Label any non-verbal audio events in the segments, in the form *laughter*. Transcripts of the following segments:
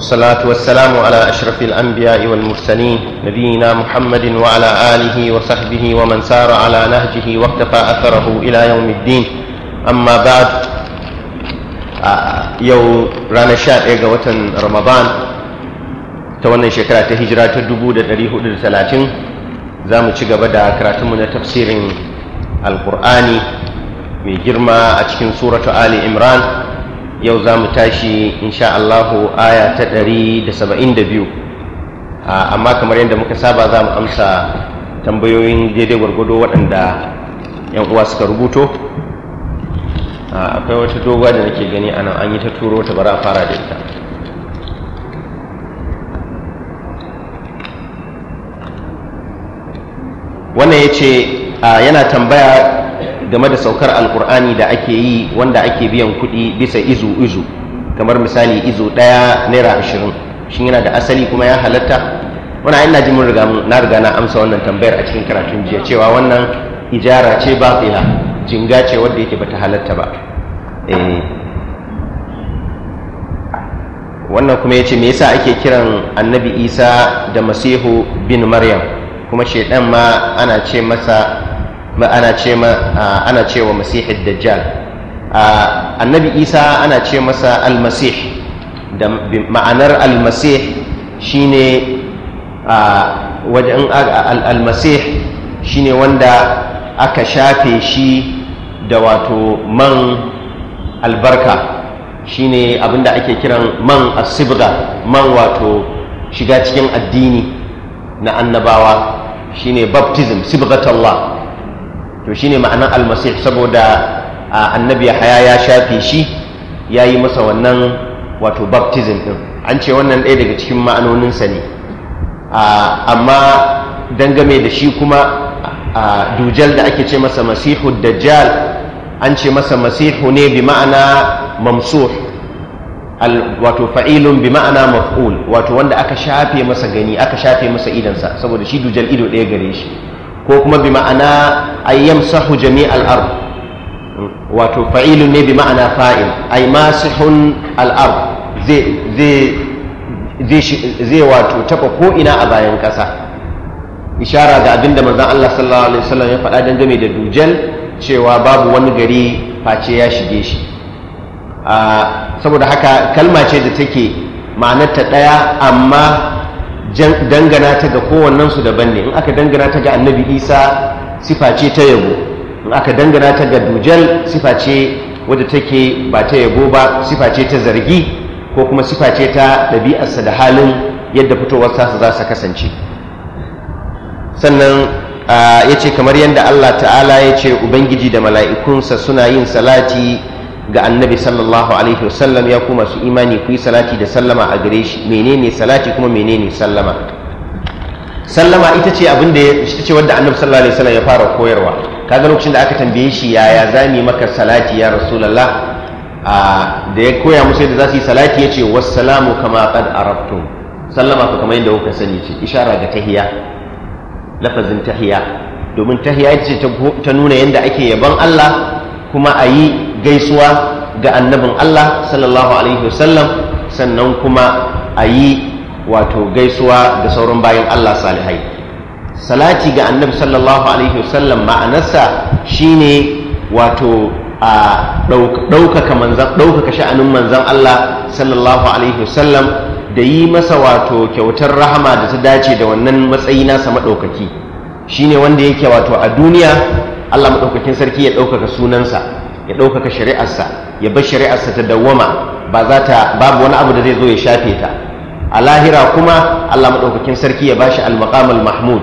والصلاة والسلام على أشرف الأنبياء والمرسلين نبينا محمد وعلى آله وصحبه ومن سار على نهجه واقتفى أثره إلى يوم الدين أما بعد آه، يو رانا شاء وطن رمضان تولنا شكرا تهجرة الدبودة دريه درسلاتين زامو تشغب دا كراتمنا تفسير القرآن من جرما أتكين سورة آل إمران yau za mu tashi insha Allahu aya ta ɗari da saba'in da biyu amma kamar yadda muka saba za mu amsa tambayoyin daidai gwargwado waɗanda 'yan uwa suka rubuto akwai wata doguwa da nake gani a nan, an yi ta turo ta bara fara da ita wannan ya ce yana tambaya game da saukar alkur'ani da ake yi wanda ake biyan kuɗi bisa izu izu kamar misali izu ɗaya naira ashirin shi yana da asali kuma ya halatta wani ayin na ji mun riga na riga na amsa wannan tambayar a cikin karatun jiya cewa wannan ijara ce ba batila jinga ce wadda yake bata halatta ba eh. wannan kuma ya ce me yasa ake kiran annabi isa da masihu bin maryam kuma shaidan ma ana ce masa ana ce ma ana ce wa masihid dajjal annabi isa ana ce masa almasih da ma'anar almasih shine wajen almasih shine wanda aka shafe shi da wato man albarka shine abinda ake kiran man asibga man wato shiga cikin addini na annabawa shine baptism sibghatullah to shine ma'anar almasih saboda annabi haya ya shafe shi ya yi masa wannan wato baptism din an ce wannan ɗaya daga cikin ma'anoninsa ne amma dangame da shi kuma dujal da ake ce masa masihu dajjal an ce masa masihu ne bi ma'ana mamsuh wato fa'ilun bi ma'ana maf'ul wato wanda aka shafe masa gani aka shafe masa idansa saboda shi dujal ido ɗaya gare shi ko kuma bi ma'ana ayyam sahu jami'al ard wato fa'ilun ne bi ma'ana fa'il ay masihun al ard zai wato taba ko ina a bayan ƙasa ishara ga abin da manzon Allah sallallahu alaihi wasallam ya faɗa dangane da dujal cewa babu wani gari face ya shige shi ah, saboda haka kalma ce da take ma'anarta ɗaya amma dangana ta ga kowannensu daban ne in aka dangana ta ga annabi isa sifa ce ta yabo in aka dangana ta ga dujal sifa ce wadda take ba ta yabo ba sifa ce ta zargi ko kuma sifa ce ta ɗabi'arsa da halin yadda fitowar sasa za su kasance sannan ya ce kamar yadda allah ta'ala ya ce ubangiji da mala'ikunsa suna yin salati ga annabi sallallahu alaihi wasallam ya kuma su imani ku yi salati da sallama a gare shi menene salati kuma menene sallama sallama ita ce abin da ita ce wanda annabi sallallahu alaihi wasallam ya fara koyarwa kaga lokacin da aka tambaye shi yaya zani maka salati ya rasulullah a da ya koya musu yadda za su yi salati ya ce wassalamu kama qad arabtum sallama ku kamar yadda kuka sani ce ishara ga tahiya lafazin tahiya domin tahiya ita ce ta nuna yadda ake yabon Allah kuma a yi gaisuwa ga annabin Allah sallallahu alaihi wasallam sannan kuma a yi wato gaisuwa da sauran bayan Allah salihai salati ga annabi sallallahu alaihi wasallam ma'anarsa shine wato a ɗaukaka manzan ɗaukaka sha'anin manzan Allah sallallahu alaihi wasallam da yi masa wato kyautar rahama da ta dace da wannan matsayi nasa maɗaukaki shine wanda yake wato a duniya Allah maɗaukakin sarki ya ɗaukaka sunansa ya ɗaukaka shari'arsa ya bar shari'arsa ta dawwama ba za ta babu wani abu da zai zo ya shafe ta a lahira kuma Allah maɗaukakin sarki ya bashi al mahmud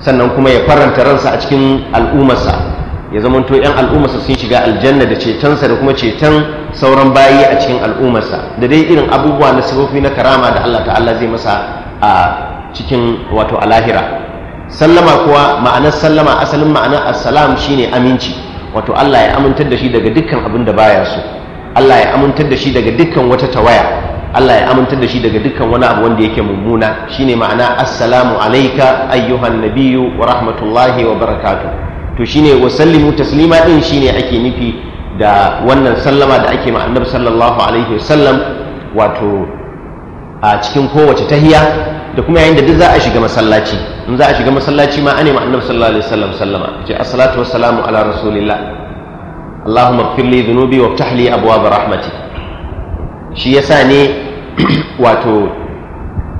sannan kuma ya faranta ransa a cikin al'ummarsa ya zamanto 'yan al'ummarsa sun shiga aljanna da cetonsa da kuma ceton sauran bayi a cikin al'ummarsa da dai irin abubuwa na sifofi na karama da Allah ta'ala zai masa a cikin wato a lahira. sallama kuwa ma'anar sallama asalin ma'anar assalam shine aminci wato Allah ya amintar da shi daga dukkan abin da baya so Allah ya amintar da shi daga dukkan wata tawaya Allah ya amintar da shi daga dukkan wani abu wanda yake mummuna shine ma'ana assalamu alaika, ayyuhan nabiyyu wa rahmatullahi wa barakatuh to shine wa sallimu taslima din shine ake nufi da wannan sallama da ake ma annabi sallallahu alaihi wasallam wato a cikin kowace tahiya da kuma yayin da duk za a shiga masallaci in za a shiga masallaci ma ane ma annabi sallallahu alaihi wasallam sallama ce assalatu wassalamu ala rasulillah allahumma ighfir li dhunubi wa aftah li abwaab rahmatik shi yasa ne *clears throat* wato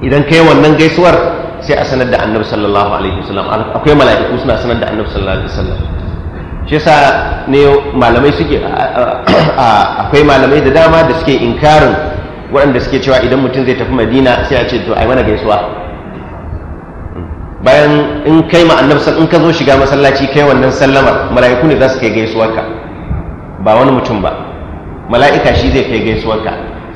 idan kai wannan gaisuwar sai a sanar da annabi sallallahu alaihi wasallam akwai mala'iku suna sanar da annabi sallallahu alaihi wasallam shi yasa ne malamai suke akwai malamai da dama da suke inkarin waɗanda suke cewa idan mutum zai tafi madina sai a ce to ai mana gaisuwa bayan in kai ma annabsan in ka zo shiga masallaci kai wannan sallama mala'iku ne za su kai gaisuwarka ba wani mutum ba mala'ika shi zai kai gaisuwarka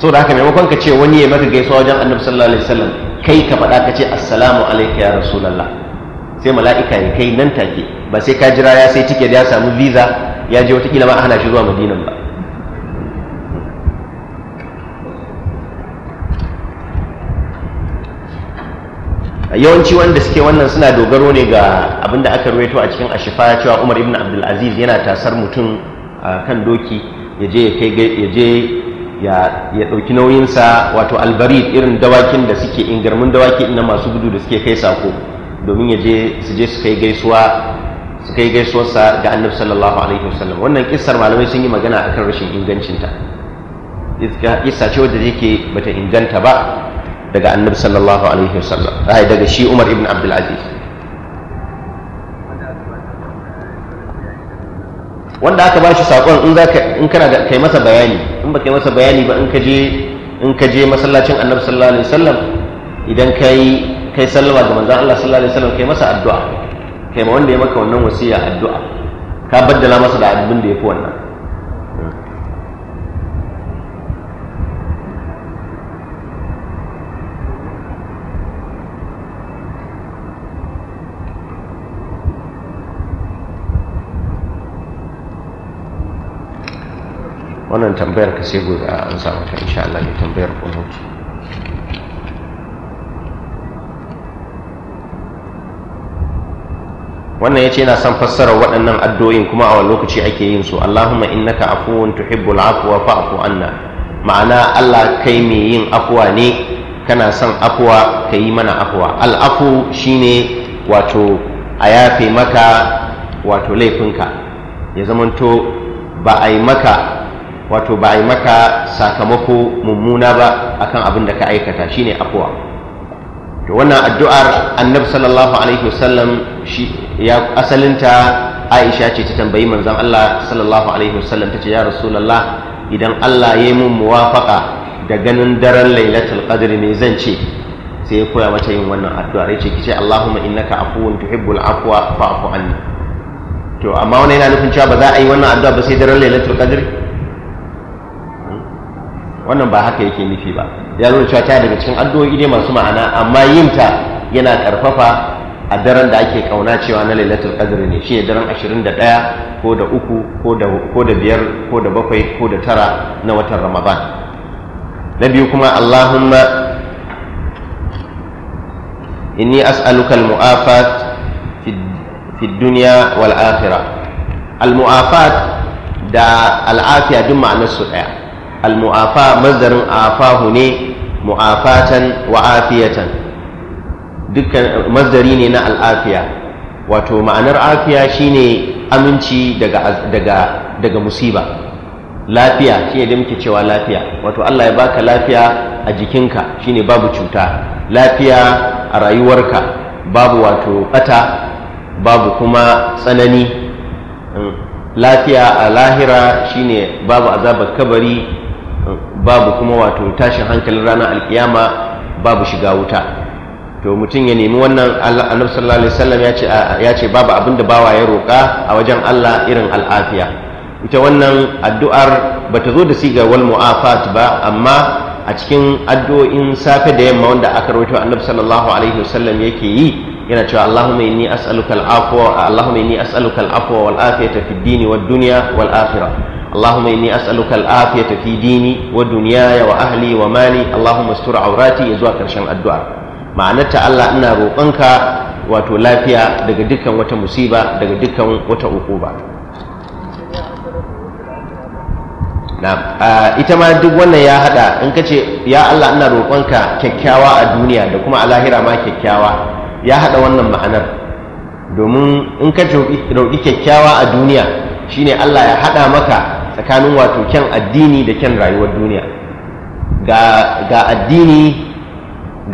da haka maimakon ka ce wani ya maka gaisuwa wajen annabi sallallahu alaihi wasallam kai ka faɗa ka ce assalamu alaikum ya rasulullah sai mala'ika ya kai nan take ba sai ka jira ya sai ticket ya samu visa ya je wata kila ma hana shi zuwa madinan ba yawanci wanda suke wannan suna dogaro ne ga abin da aka ruwaito a cikin ashifa cewa umar ibn abdulaziz yana tasar mutum kan doki ya je ya je ɗauki nauyinsa wato albarid irin dawakin da suke ingarmin dawaki na masu gudu da suke kai sako domin ya je su je su kai gaisuwa su kai gaisuwarsa ga annab sallallahu alaihi wasallam wannan kissar malamai sun yi magana akan rashin ingancinta isa ce wadda yake bata inganta ba daga annabi sallallahu alaihi wasallam ai daga shi umar ibn abdul aziz wanda aka ba shi saƙon in zaka in kana da kai masa bayani in ba kai masa bayani ba in ka je in ka je masallacin annabi sallallahu alaihi wasallam idan kai kai sallama ga manzon Allah sallallahu alaihi wasallam kai masa addu'a kai ma wanda ya maka wannan wasiya addu'a ka baddala masa da abin da yafi wannan wannan tambayar ka sai gobe a an samu ta insha Allah ne tambayar kunutu wannan yace yana son fassarar waɗannan addu'o'in kuma a wani lokaci ake yin su Allahumma innaka afuwun tuhibbul afwa fa'fu anna ma'ana Allah kai mai yin afwa ne kana son afwa ka mana afwa al'afu shine wato a yafe maka wato laifinka ya zamanto ba a yi maka wato ba yi maka sakamako mummuna ba akan abin da ka aikata shine afuwa to wannan addu'ar annabi sallallahu alaihi wasallam shi ya asalinta Aisha ce ta tambayi manzon Allah sallallahu alaihi wasallam tace ya rasulullah idan Allah ya yi mun muwafaqa da ganin daren lailatul qadr ne zan ce sai ya koya mata yin wannan addu'ar yace kice Allahumma innaka afuwun tuhibbul afwa fa'fu anni to amma wannan yana nufin cewa ba za a yi wannan addu'a ba sai daren lailatul qadr wannan ba haka yake nufi ba ya zo cewa ta daga cikin addu'o'i ne masu ma'ana amma yin ta yana karfafa a daren da ake kauna cewa na lailatul qadr ne shi daren 21 ko da 3 ko da ko da biyar ko da bakwai ko da tara na watan ramadan na biyu kuma allahumma inni as'aluka al-mu'afat fi dunya wal akhirah al-mu'afat da al duk ma'anar su daya al-mu'afa mazdarin afahu ne mu'afatan wa afiyatan dukkan mazdari ne na al'afiya wato ma'anar afiya shine aminci daga daga musiba lafiya shi da cewa lafiya wato Allah ya baka lafiya a jikinka shine babu cuta lafiya a rayuwarka babu wato bata babu kuma tsanani hmm. lafiya a lahira shine babu azabar kabari babu kuma wato tashin hankalin ranar alkiyama babu shiga wuta to mutum ya nemi wannan annabi sallallahu alaihi wasallam ya ce ya ce babu abin da bawa ya roƙa a wajen Allah irin al'afiya ita wannan addu'ar bata zo da siga wal mu'afat ba amma a cikin addu'o'in safe da yamma wanda aka rawaito annabi sallallahu alaihi wasallam yake yi yana cewa Allahumma inni as'aluka al-afwa Allahumma inni as'aluka al-afwa wal afiyata fid dini wad dunya wal akhirah اللهم إني أسألك العافية في ديني ودنياي وأهلي ومالي اللهم استر عوراتي يزوى كرشان الدعاء معناتها الله أنا روقنك wato lafiya daga dukkan wata musiba daga dukkan wata ukuba ita ma duk wannan ya hada in ka ce ya Allah ina roƙonka kyakkyawa a duniya da kuma ma kyakkyawa ya wannan ma'anar domin in ka roƙi kyakkyawa a duniya shine Allah ya haɗa maka tsakanin wato kyan addini da kyan rayuwar duniya ga addini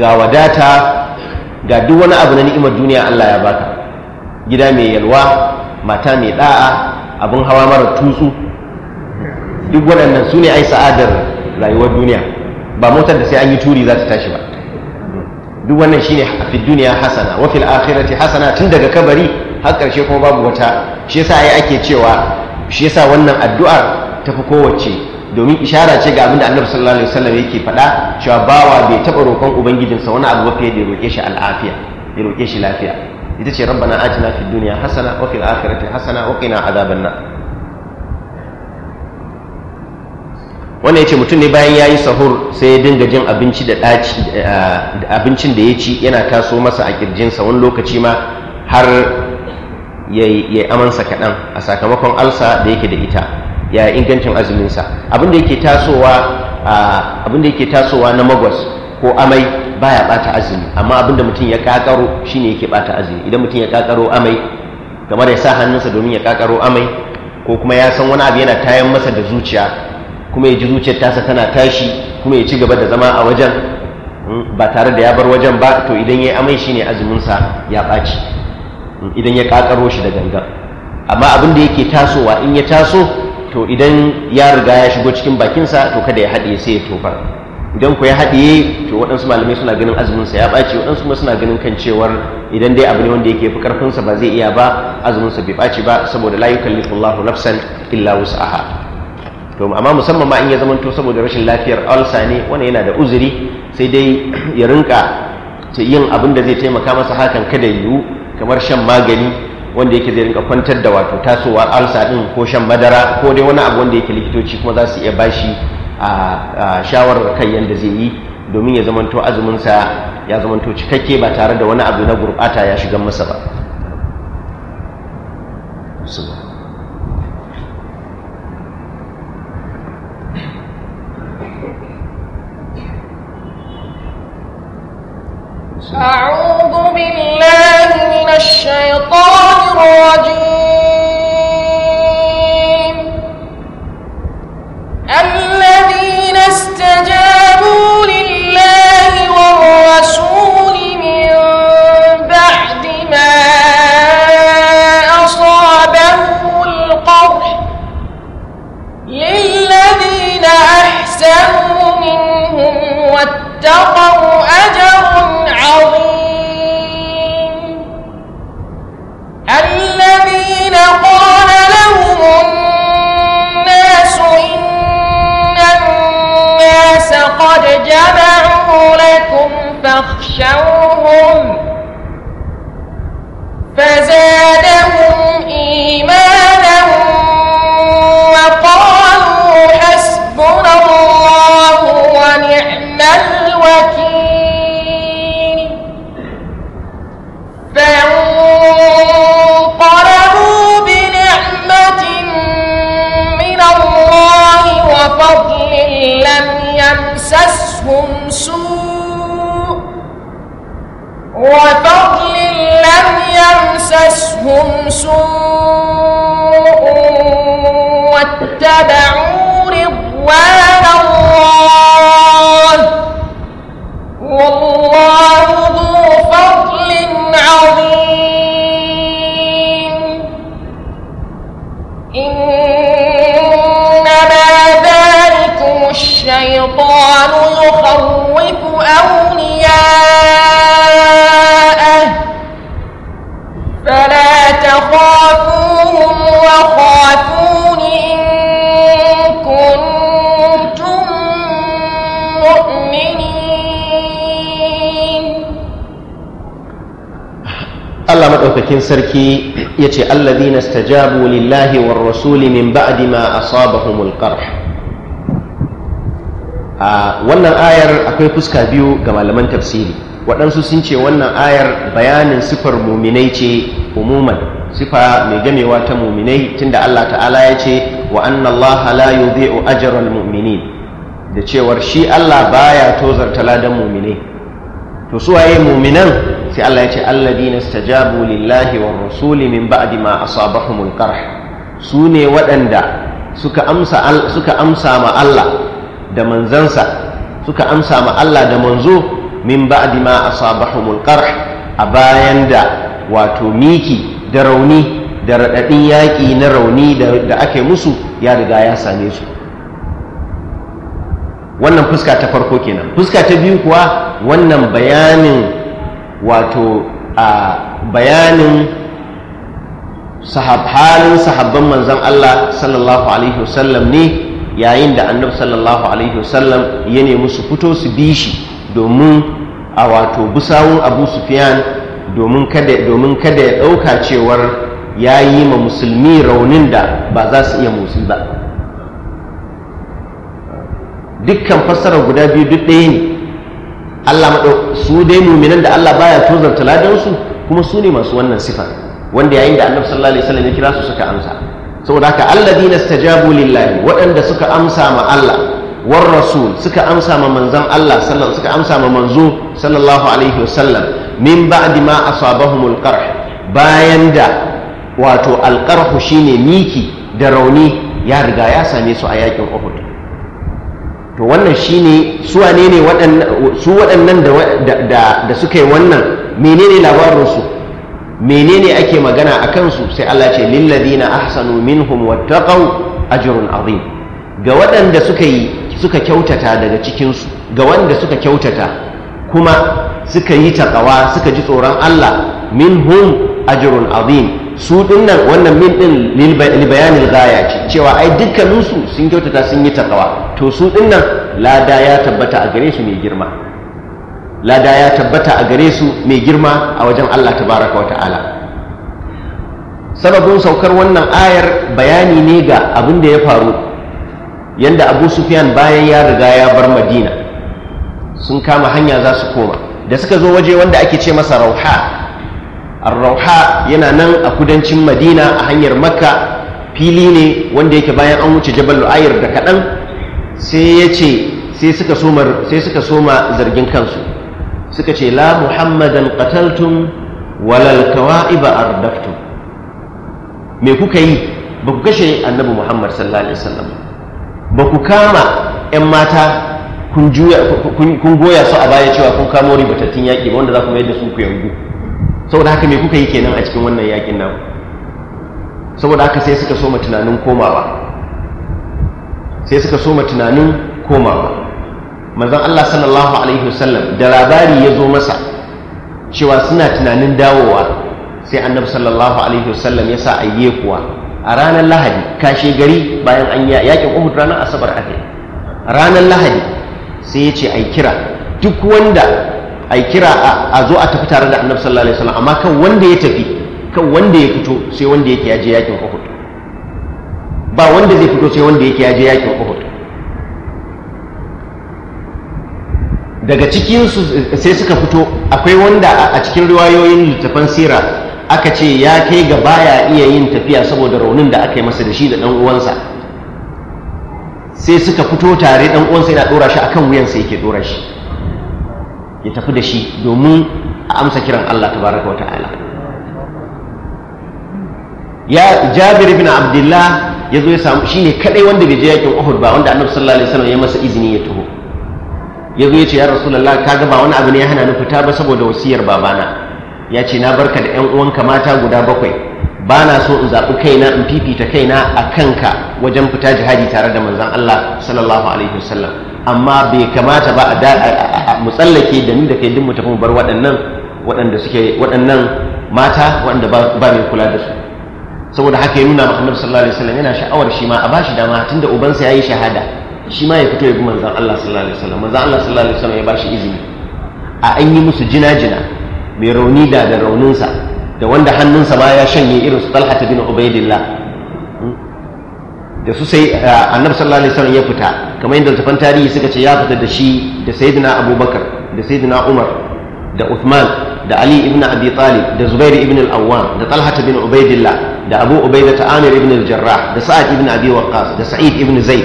ga wadata ga duk wani abu na ni'imar duniya Allah ya baka gida mai yalwa mata mai da'a abin hawa mara tutsu duk waɗannan su ne ai sa'adar rayuwar duniya ba motar da sai an yi turi za ta tashi ba duk wannan shine a fi duniya hasana wafil akhirati hasana tun daga kabari har ƙarshe kuma babu wata shi yasa ai ake cewa shi yasa wannan addu'ar ta fi kowace domin ishara ce ga abinda annabi sallallahu alaihi wasallam yake faɗa cewa bawa bai taɓa roƙon ubangijinsa wani abu fiye da roƙe shi al'afiya ya roƙe shi lafiya ita ce rabbana atina fid dunya hasana wa fil akhirati hasana wa qina adhaban nar wannan yace mutum ne bayan yayi sahur sai ya dinga jin abinci da daci eh, abincin da ya ci yana taso masa a kirjinsa wani lokaci ma har ya amansa kaɗan a sakamakon alsa da yake da ita ya ingancin azuminsa abinda yake tasowa yake tasowa na magwas ko amai baya bata azumi amma abinda mutum ya kakaro shine yake bata azumi idan mutum ya kakaro amai kamar ya sa hannunsa domin ya kakaro amai ko kuma ya san wani abu yana tayan masa da zuciya kuma ya ji zuciyar tasa tana tashi kuma ya ci gaba da zama a wajen hmm, ba tare da ya bar wajen ba to idan ya yi amai shine azuminsa ya ɓaci idan ya kakaro shi da gangan amma abin da yake tasowa in ya taso to idan ya riga ya shigo cikin bakinsa to kada ya haɗiye sai ya tofar idan ku ya haɗiye to waɗansu malamai suna ganin azuminsa ya ɓaci waɗansu kuma suna ganin kan cewar idan dai abu ne wanda yake fi ƙarfinsa ba zai iya ba azuminsa bai ɓaci ba saboda la yukallifu Allahu nafsan illa wus'aha to amma musamman ma in ya zamanto saboda rashin lafiyar alsa ne wannan yana da uzuri sai dai ya rinka yin abin da zai taimaka masa hakan kada yiwu kamar shan magani wanda yake zai rinka kwantar da wato tasowa alsa din ko shan madara ko dai wani abu wanda yake likitoci kuma za su iya bashi a shawarar kan yadda zai yi domin ya zamanto azuminsa ya zamanto cikakke ba tare da wani abu na gurɓata ya shiga masa ba أعوذ بالله من الشيطان الرجيم الذين استجابوا لله والرسول من بعد ما أصابهم القرح للذين أحسنوا منهم واتقوا أجرا جمعوا لكم فاخشوهم فزادهم إيمانا وقالوا حسبنا الله ونعم الوكيل فانقلبوا بنعمة من الله وفضل لم يمسسهم وفضل لم يمسسهم سوء واتبعوا رضوان الله والله ذو فضل عظيم إنما ذلكم الشيطان يخوف maɗaukakin sarki ya ce allazi na stajabu lillahi wa rasuli min ba'di ma asabahumul humulkar a wannan ayar akwai fuska biyu ga malaman tafsiri waɗansu sun ce wannan ayar bayanin sifar muminai ce umuman sifa mai gamewa ta muminai tunda Allah ta'ala ya ce wa an Allah la yudhi'u ajral mu'minin da cewar shi Allah baya tozarta ladan muminai to suwaye muminan sai Allah ya ce alladina stajabu lillahi wa rasuli min ba'di ma asabahumul qarh su ne waɗanda suka amsa suka amsa ma Allah da manzansa suka amsa ma Allah da manzo min ba'di ma asabahumul qarh a bayan da wato miki da rauni da raɗaɗin yaƙi na rauni da ake musu ya riga ya same su wannan fuska ta farko kenan fuska ta biyu kuwa wannan bayanin wato a bayanin halin sahabban manzan Allah sallallahu alaihi wasallam ne yayin da annabi sallallahu alaihi wasallam ya nemi su fito su bi shi domin a wato busawun abu sufiyan domin kada ya ɗauka cewar ya yi ma musulmi raunin da ba za su iya motsi ba dukkan fassara guda biyu duk ɗaya ne Allah maɗau su dai muminan da Allah baya tozarta su kuma su ne masu wannan sifa wanda yayin da annabi sallallahu alaihi wasallam ya kira su suka amsa saboda haka alladina stajabu lillahi waɗanda suka amsa ma Allah war rasul suka amsa ma manzon Allah sallallahu suka amsa ma manzo sallallahu alaihi wasallam min ba'di ma asabahumul qarh bayan da wato alqarhu shine miki da rauni ya riga ya same su a yakin Uhud to wannan shine su wane ne waɗannan da suka yi wannan menene labarinsu menene ake magana a kansu sai Allah ce na ahsanu minhum wattaqau ajrun azim ga waɗanda suka yi suka kyautata daga cikinsu ga wanda suka kyautata kuma suka yi taƙawa suka ji tsoron Allah minhum ajrun azim su dinnan wannan min ɗin li bayanil gaya ce cewa ai dukkaninsu sun kyautata sun yi takawa to su dinnan lada ya tabbata a gare su mai girma lada ya tabbata a gare su mai girma a wajen Allah tabaraka wa ta'ala sababin saukar wannan ayar bayani ne ga abin da ya faru yanda abu sufyan bayan ya riga ya bar madina sun kama hanya za su koma da suka zo waje wanda ake ce masa rauha arrauha yana nan a kudancin madina a hanyar makka fili ne wanda yake bayan an wuce jabal lu'ayir da kaɗan sai ya ce sai suka soma zargin kansu suka ce la muhammadan qataltum walal kawa'iba ardaftum me kuka yi ba ku kashe annabi muhammad sallallahu alaihi wasallam ba ku kama 'yan mata kun goya su a baya cewa kun kamo ribatattun yaƙi ba wanda za ku mayar da su ku yanzu saboda haka me kuka yi kenan a cikin wannan yakin nan saboda haka sai suka soma tunanin komawa sai suka soma tunanin komawa manzon Allah sallallahu alaihi wasallam da labari ya zo masa cewa suna tunanin dawowa sai annabi sallallahu alaihi wasallam ya sa ayye kuwa a ranar lahadi kashe gari bayan an yi yakin uhud ranar asabar ake ranar lahadi sai ya ce ai kira duk wanda ai kira a zo a tafi tare da annabi sallallahu alaihi wasallam amma kan wanda ya tafi kan wanda ya fito sai wanda yake yaje yakin Uhud ba wanda zai fito sai wanda yake yaje yakin Uhud daga cikin su sai suka fito akwai wanda a cikin riwayoyin littafan sira aka ce ya kai ga baya iya yin tafiya saboda raunin da aka yi masa da shi da dan uwansa sai suka fito tare dan uwansa yana dora shi akan wuyansa yake dora shi ya tafi da shi domin a amsa kiran Allah tabaraka wa ta'ala ya Jabir ibn Abdullah ya zo ya samu shi ne kadai wanda bai je yakin Uhud ba wanda Annabi sallallahu alaihi wasallam ya masa izini ya taho ya zo ya ce ya Rasulullah kaga ba wani abu ne ya hana ni fita ba saboda wasiyar babana ya ce na barka da 'yan uwanka mata guda bakwai ba na so in zaɓi kaina in fifita kaina a kanka wajen fita jihadi tare da manzon Allah sallallahu alaihi wasallam amma bai kamata ba a mutsallake da ni da kai duk mu tafi mu bar waɗannan waɗanda suke waɗannan mata waɗanda ba mai kula da su saboda haka ya nuna maka annabi sallallahu alaihi wasallam yana sha'awar shi ma a bashi dama tunda ubansa ya yi shahada shi ma ya fito ya bi manzon Allah sallallahu alaihi wasallam manzon Allah sallallahu alaihi wasallam ya ba shi izini a an yi musu jina-jina mai rauni da da rauninsa da wanda hannunsa ba ya shanye irin su Talha bin Ubaidillah da su sai annabi sallallahu alaihi wasallam ya fita kamar yadda tafan tarihi suka ce ya fita da shi da sayyidina abubakar da sayyidina umar da uthman da ali ibn abi talib da zubair ibn al-awwam da talha ibn ubaidillah da abu ubaida ta amir ibn al-jarrah da sa'ad ibn abi waqqas da sa'id ibn zaid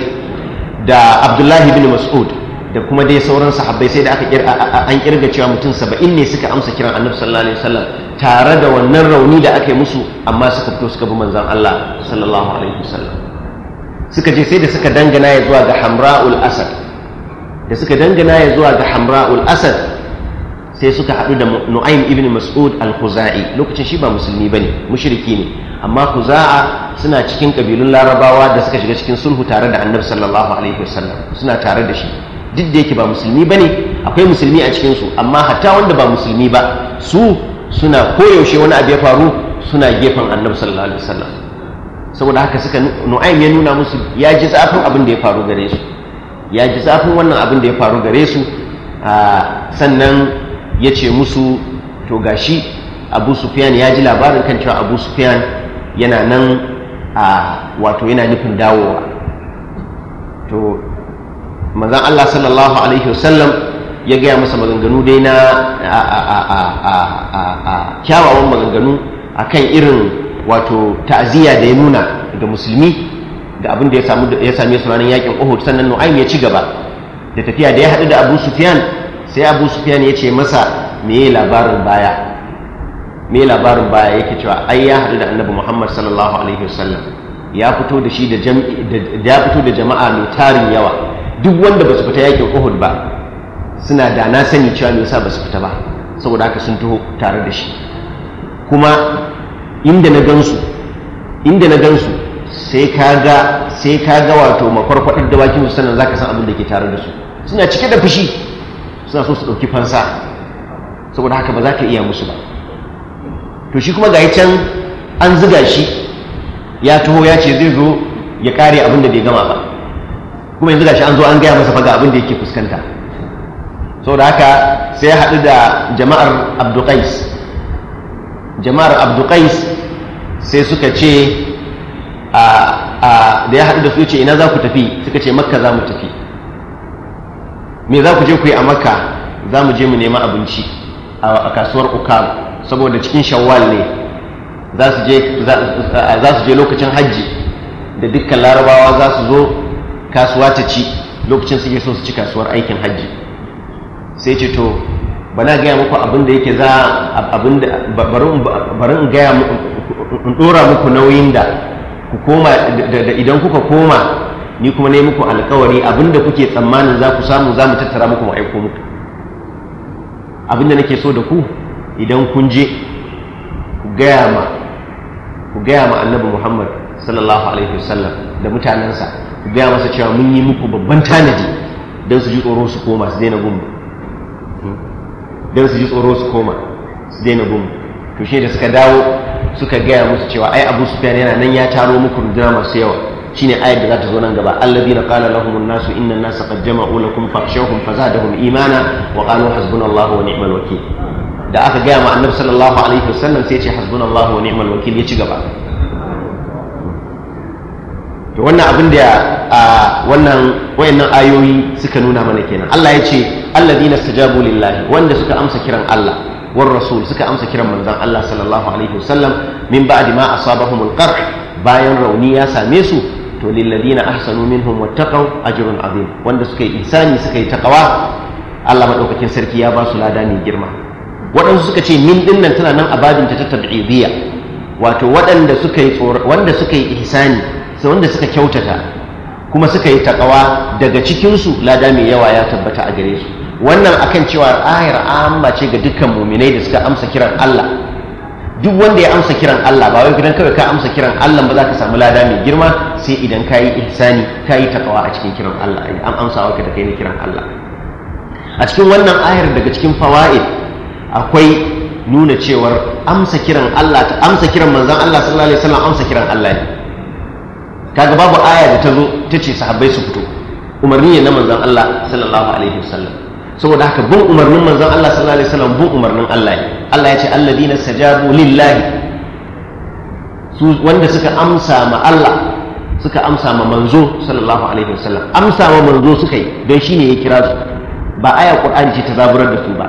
da abdullahi ibn mas'ud da kuma dai sauran sahabbai sai da aka an kirga cewa mutum 70 ne suka amsa kiran annabi sallallahu alaihi wasallam tare da wannan rauni da aka yi musu amma suka fito suka bi manzon Allah sallallahu alaihi wasallam suka je sai da suka dangana ya zuwa ga hamra'ul asad da suka dangana ya zuwa ga hamra'ul asad sai suka haɗu da nu'aim ibn mas'ud al-khuzai lokacin shi ba musulmi bane mushriki ne amma khuza'a suna cikin kabilun larabawa da suka shiga cikin sulhu tare da annabi sallallahu alaihi wasallam suna tare da shi duk da yake ba musulmi bane akwai musulmi a cikin su amma hatta wanda ba musulmi ba su suna koyaushe wani abu ya faru suna gefen annabi sallallahu alaihi wasallam saboda haka suka nu'aym ya nuna musu ya ji zafin abin da ya faru gare su ya ji zafin wannan abin da ya faru gare su ah, sannan ya ce musu to gashi abu sufyan ya ji labarin kan cewa abu sufyan yana nan a wato yana nufin dawowa to manzan allah sallallahu alaihi wasallam ya gaya masa maganganu dai na kyawawan maganganu a kan irin wato ta'aziyya da ya nuna ga musulmi ga abin da ya sami ya same su yakin Uhud sannan Nu'aym ya ci gaba da tafiya da ya haɗu da Abu Sufyan sai Abu Sufyan ya ce masa me labarin baya me labarin baya yake cewa ai ya haɗu da Annabi Muhammad sallallahu alaihi wasallam ya fito da shi da ya fito da jama'a mai tarin yawa duk wanda ba su fita yakin Uhud ba suna da na sani cewa me yasa ba su fita ba saboda haka sun taho tare da shi kuma inda na gansu inda na gansu sai ka ga sai ka ga wato makwarkwadar da wakin sannan ka san abin da ke tare da su suna cike da fushi suna so su dauki fansa saboda haka ba za ka iya musu ba to shi kuma ga can an ziga shi ya taho ya ce zai zo ya kare abin da bai gama ba kuma yanzu gashi an zo an gaya masa faga abin da yake fuskanta saboda haka sai ya haɗu da jama'ar abdulkais jama'ar abdukais sai suka ce da ya haɗu da su ce ina za ku tafi suka ce makka za mu tafi me za ku je ku yi a makka za mu je mu nema abinci a kasuwar ukam saboda cikin shawwal ne za su je lokacin hajji da dukkan larabawa za su zo kasuwa ta ci lokacin suke so su ci kasuwar aikin hajji sai ce to bana gaya muku abin da yake za abin da barin gaya in dora muku nauyin da ku koma da idan kuka koma ni kuma ne muku alkawari abinda kuke tsammanin za ku samu za mu tattara muku aiko muku abinda nake so da ku idan kun je ku gaya ma ku gaya ma annabi muhammad sallallahu alaihi wasallam da mutanensa ku gaya masa cewa mun yi muku babban tanadi don su ji tsoro su koma su daina gumu hmm? don su ji tsoro su koma su daina gumu to shi da suka dawo suka gaya musu cewa ai abu sufyan yana nan ya taro muku runduna masu yawa shine ayar da za ta zo nan gaba alladhina na kala lahumun nasu inna nasa qad jama'u lakum fakhshawhum fazadahum imana wa qalu hasbunallahu wa ni'mal wakil da aka gaya ma annabi sallallahu alaihi wasallam sai ya ce hasbunallahu wa ni'mal wakil ya ci gaba to wannan abin da a wannan wayannan ayoyi suka nuna mana kenan Allah ya ce alladhina stajabu lillahi wanda suka amsa kiran Allah war rasul suka amsa kiran manzon Allah sallallahu alaihi wasallam min ba'di ma asabahum al-qarh bayan rauni ya same su to lil ladina ahsanu minhum wattaqaw ajrun azim wanda suka yi suka yi taqwa Allah madaukakin sarki ya ba su lada mai girma waɗansu suka ce min ɗinnan tana nan abadin ta tabidiyya wato suka yi wanda suka yi ihsani sai wanda suka kyautata kuma suka yi taqwa daga cikin su lada mai yawa ya tabbata a gare su wannan akan cewa ayar amma ce ga dukkan muminai da suka amsa kiran Allah duk wanda ya amsa kiran Allah ba wai gidan kawai ka amsa kiran Allah ba za ka samu lada mai girma sai idan ka yi ihsani ka yi takawa a cikin kiran Allah an amsa wa da kai ne kiran Allah a cikin wannan ayar daga cikin fawaid akwai nuna cewar amsa kiran Allah ta amsa kiran manzon Allah sallallahu alaihi wasallam amsa kiran Allah ne kaga babu aya da ta zo ta ce sahabbai su fito umarni ne na manzon Allah sallallahu alaihi wasallam saboda haka bin umarnin manzon Allah sallallahu alaihi wasallam bin umarnin Allah ne Allah ya ce alladina sajabu lillahi su wanda suka amsa ma Allah suka amsa ma manzo sallallahu alaihi wasallam amsa ma manzo suka yi don shine ya kira su ba aya qur'ani ce ta zaburar da su ba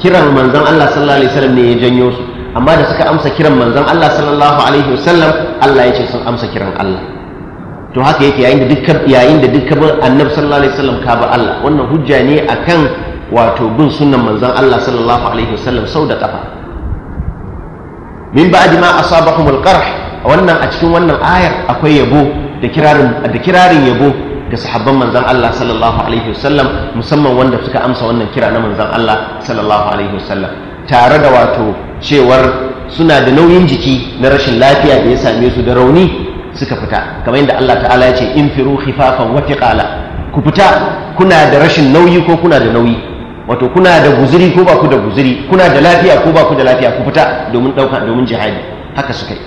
kiran manzon Allah sallallahu alaihi wasallam ne ya janyo su amma da suka amsa kiran manzon Allah sallallahu alaihi wasallam Allah ya ce sun amsa kiran Allah to haka yake yayin da duk yayin da duk kabar annabi sallallahu alaihi wasallam ka ba Allah wannan hujja ne akan wato bin sunnan manzon Allah sallallahu alaihi wasallam sau da kafa min ba'di ma asabahum alqarh wannan a cikin wannan ayar akwai yabo da kirarin da kirarin yabo ga sahabban manzon Allah sallallahu alaihi wasallam musamman wanda suka amsa wannan kira na manzon Allah sallallahu alaihi wasallam tare da wato cewar suna da nauyin jiki na rashin lafiya da ya same su da rauni suka fita kamar yadda Allah ta'ala ya ce in firu khifafan wa tiqala ku fita kuna da rashin nauyi ko kuna da nauyi wato kuna da guzuri ko ba ku da guzuri kuna da lafiya ko ba ku da lafiya ku fita domin dauka domin jihadi haka suka yi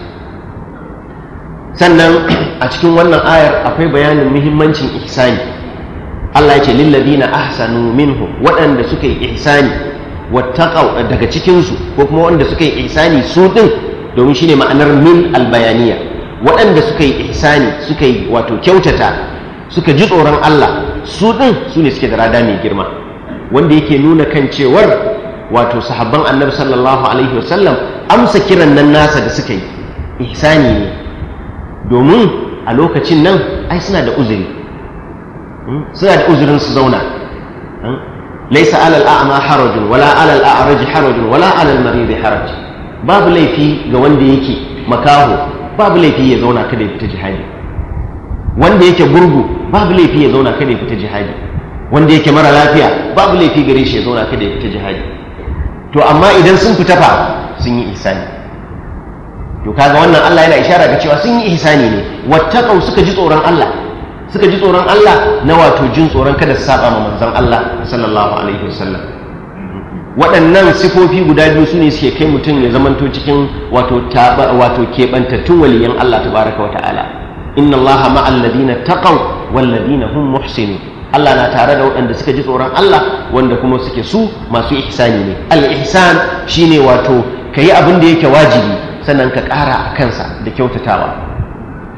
sannan a cikin wannan ayar akwai bayanin muhimmancin ihsani Allah ya ce ladina ahsanu minhu waɗanda suka yi ihsani wattaqaw daga cikinsu ko kuma waɗanda suka yi ihsani su din domin shine ma'anar min albayaniya waɗanda suka yi ihsani suka yi wato kyautata suka ji tsoron Allah su ɗin su ne suke da rada mai girma wanda yake nuna kan cewar wato sahabban annabi sallallahu alaihi wasallam amsa kiran nan nasa da suka yi ihsani ne domin a lokacin nan ai suna da uzuri hmm? suna da uzurin su zauna hmm? laisa alal a'ma harajun wala alal a'raj harajun wala alal marid haraj babu laifi ga wanda yake makaho babu laifi ya zauna kada ya fita jihadi wanda yake gurgu babu laifi ya zauna kada ya fita jihadi wanda yake mara lafiya babu laifi gare shi ya zauna kada ya fita jihadi to amma idan sun fita fa sun yi ihsani to kaga wannan Allah yana ishara ga cewa sun yi ihsani ne wattaqau suka ji tsoron Allah suka ji tsoron Allah na wato jin tsoron kada su saba ma manzon Allah sallallahu alaihi wasallam waɗannan sifofi guda biyu su ne suke kai mutum ya zamanto cikin wato keɓantattun waliyan Allah tabaraka wa ta'ala inna Allah ma'al ladina taqaw wal ladina hum muhsinun Allah na tare da waɗanda suka ji tsoron Allah wanda kuma suke su masu ihsani ne al ihsan shine wato kayi abin da yake wajibi sannan ka ƙara a kansa da kyautatawa